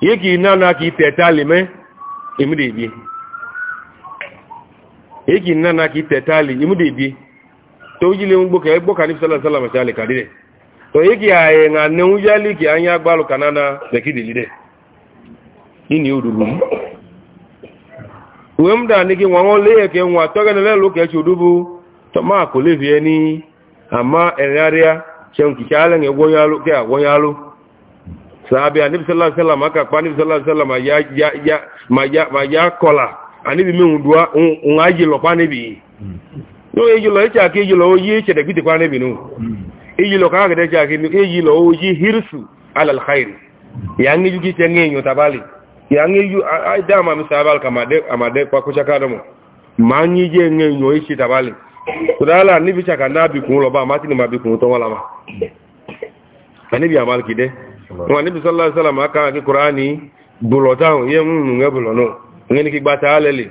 ihe ka ina na aka ite ete alime ihe ka na aka ali to ji ngbo ka ka ni sallallahu alaihi wasallam sale kadire to ihe ki aye nga ne unjali ki anya gbalu kanana bekidi lide ini oduru uwe m da ni gị nwa nwa lee eke nwa tọgị na lelu ka echi odubu maa akụlevie ni ama na egwonye alụ agwonye alụ sahabi anibi sallallahu alaihi wasallam aka kwani sallallahu alaihi wasallam ya ya ya ma ya ma ya kola anibi mi ndua un aji lo kwani bi no eji lo echa ke eji lo yi che de biti kwani bi no eji lo ka ga de cha ke ni eji lo oji hirsu ala alkhair ya ngi ju ki te ngi nyu tabali ya ngi ju da ma mi kama de ama de kwa kucha ka domo ma ngi je ngi nyu ichi tabali kudala anibi cha ka bi kun lo ba ma ti ni ma bi kun to wala ma anibi amal ki de wọn níbi sọ́lá sọ́lá máa kára kí kùránì bùrọ̀táhùn yé mú nùgbẹ́ bùrọ̀ náà òun ní kí gbá tààlẹ̀ lè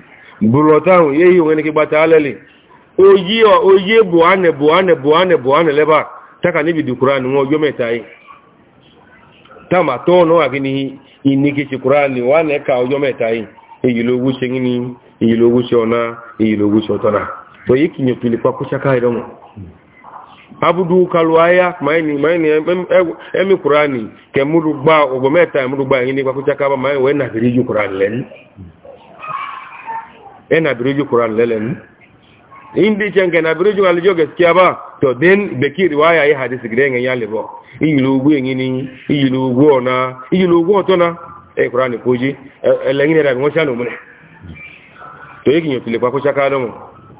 bùrọ̀táhùn yé yìí òun ní kí gbá tààlẹ̀ lè oyé bùhánẹ̀ bùhánẹ̀ bùhánẹ̀ bùhánẹ̀ lẹ́bà táka níbi dì kùránì wọn ọjọ́ mẹ́ta yìí táàmà tọ́ọ̀nà àfi ní ìníkìsì kùránì wọn ẹ̀ka ọjọ́ mẹ́ta yìí èyí ló wúṣe abudu kaluaya maini maini emi qurani ke mudu gba ogo meta mudu gba yin gba kucha kaba maini we na biriju qurani len e na biriju qurani len indi chenge na biriju alijo gaskiya ba to den beki riwaya ya hadisi gidenge ya lebo iyilu ugu yingini iyilu ugu ona iyilu ugu otona e qurani koji elengine e, da ngosha no mune to yikinyo tile kwa kucha kaba no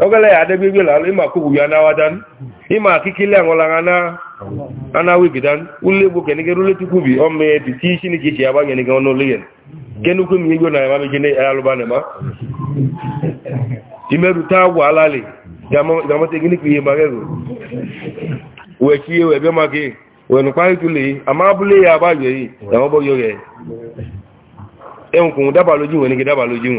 ogele ya adebe igwe lala ịma kụbụ ya nawadan ịma akikile anwụla ana ana wigidan ule bụ kenike rule tukwubi ọmme ti isi ni kichi agba nyenike ọnụ liyen kenukwu mi igwe na ya mamiji na alụba na ma imeru agwa alali gamata gini ka ihe magego wee chie wee bịa maka wee nụkwa itule ama abụle ya agba yoyi na ọgbọ yoye enwukwụ dabalụ ji nwere ike ji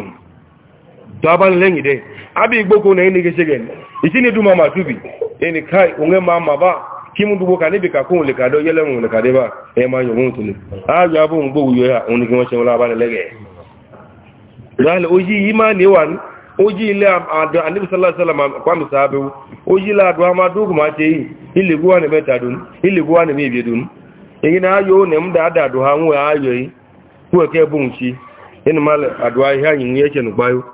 to aban lengi de abi gboko na ni gese gen iti ni duma matubi eni kai unge mama ba kimu dubo ka ni bika kun le ka do yele mun le ka de ba e ma yo mun tuni a ya bo ngbo yo ya oni ki won se wala ban lege dal oji imani wan oji ile adu anabi sallallahu alaihi wasallam kwa oji la adu te yi ile guwa beta dun ile guwa bi dun ne ha nwe ayo yi ku ke bunchi ina mal adu ha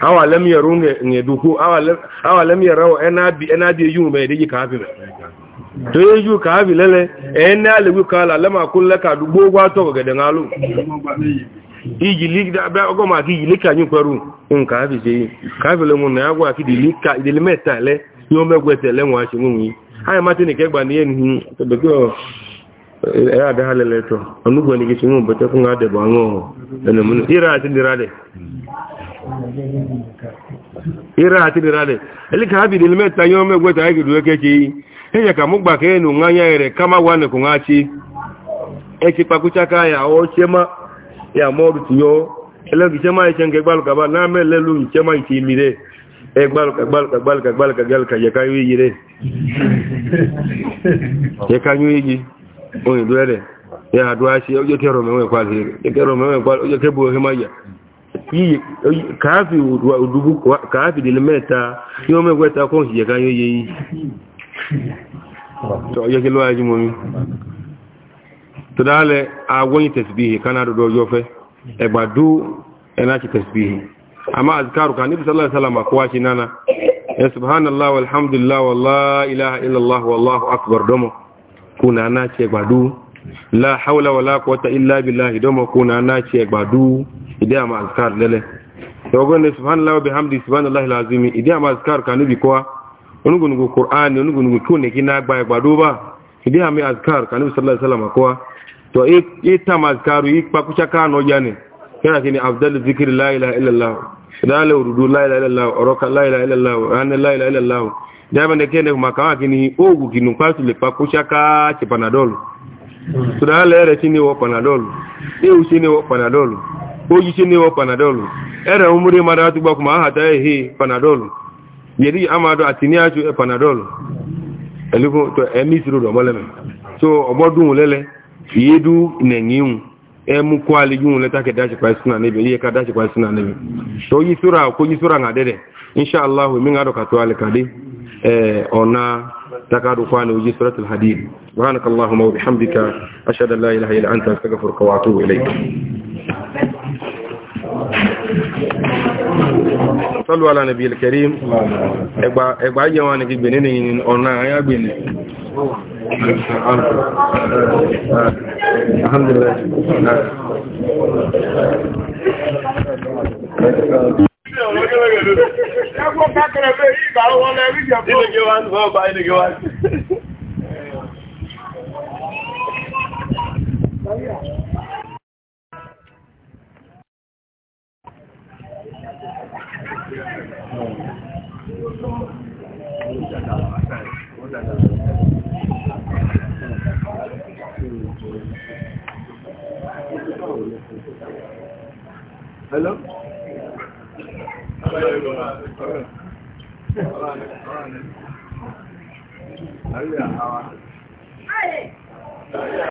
awa lam yaru ne duku awa lam yarau ena bi ena bi yu me diji kafi to yeju kafi lele ena lewu kala lama kullaka dubo gwa to ga da ngalu iji ligda ba ogo ma ki ilika nyu peru un kafi je kafi le mun na gwa ki dilika idil meta le yo mun yi ma ni to be ko halele to ni ki ene ira ati dira le eli ka bi dilme ta yo me gweta igi duwe kechi eya ka mugba ke nu nganya ere kama wane ku ngachi echi pakucha ka ya o chema ya modu tiyo ele ki chema echen ke gbalu kaba na me lelu chema ichi mire e gbalu ka gbalu ka gbalu ka gbalu ka gbalu ka ya ka yi yire ya ka nyu yi o ni duwe ya aduashi ojo kero mewe kwa zire kero mewe kwa ojo kebu he maya kaafi udugu kaafi dilimeta yome kweta ko hiye kan yoyi to yo kilo aji momi to dale awon tasbih kana do yo fe e gbadu ena ki tasbih amma azkaru kan nabi sallallahu alaihi wasallam ko wachi nana ya e, subhanallah walhamdulillah walla ilaha illallah wallahu akbar domo kuna na ce gbadu la hawla wala quwwata illa billah domo kuna na ce ìdí àmà azkar lẹ́lẹ́ ṣọgbọ́n ní subhanallah bí hamdi subhanallah lazimi ìdí àmà azkar kan níbi kọ́wa onígungun kur'an onígungun kí ní kí ní agbá ẹgbàdo bá ìdí àmì azkar kan níbi sallallahu alaihi wasallam kọ́wa to e tam azkaru yi pakucha ka no jani kana kini afdal zikri la ilaha illa allah dala urudu la ilaha illa allah oroka la ilaha illa allah an la ilaha illa allah dama ne kene kuma ka kini ogu kinu kwasu le pakucha ka ci panadol to hmm. dala re tini wo panadol e u tini wo panadol ojiche na-ewe panadolu ere mmiri mara atụgbakwu ma taa ehi panadolu yeri amado atini aju e panadolu eligo to emisiru do moleme so obodun lele yedu na nenyin emu kwali yun leta ke dashi pa suna nebe ye ka dashi pa suna nebe so yi sura ko yi sura ngadede insha Allah min ngado ka to alikadi eh ona takadu kwani uji suratul hadid subhanakallahumma wa bihamdika ashhadu an la ilaha illa anta astaghfiruka wa atubu ilayk صلوا على نبي الكريم اغبا اجوا نبي بنين انا يا بني الحمد لله Yeah. Hello? Hello?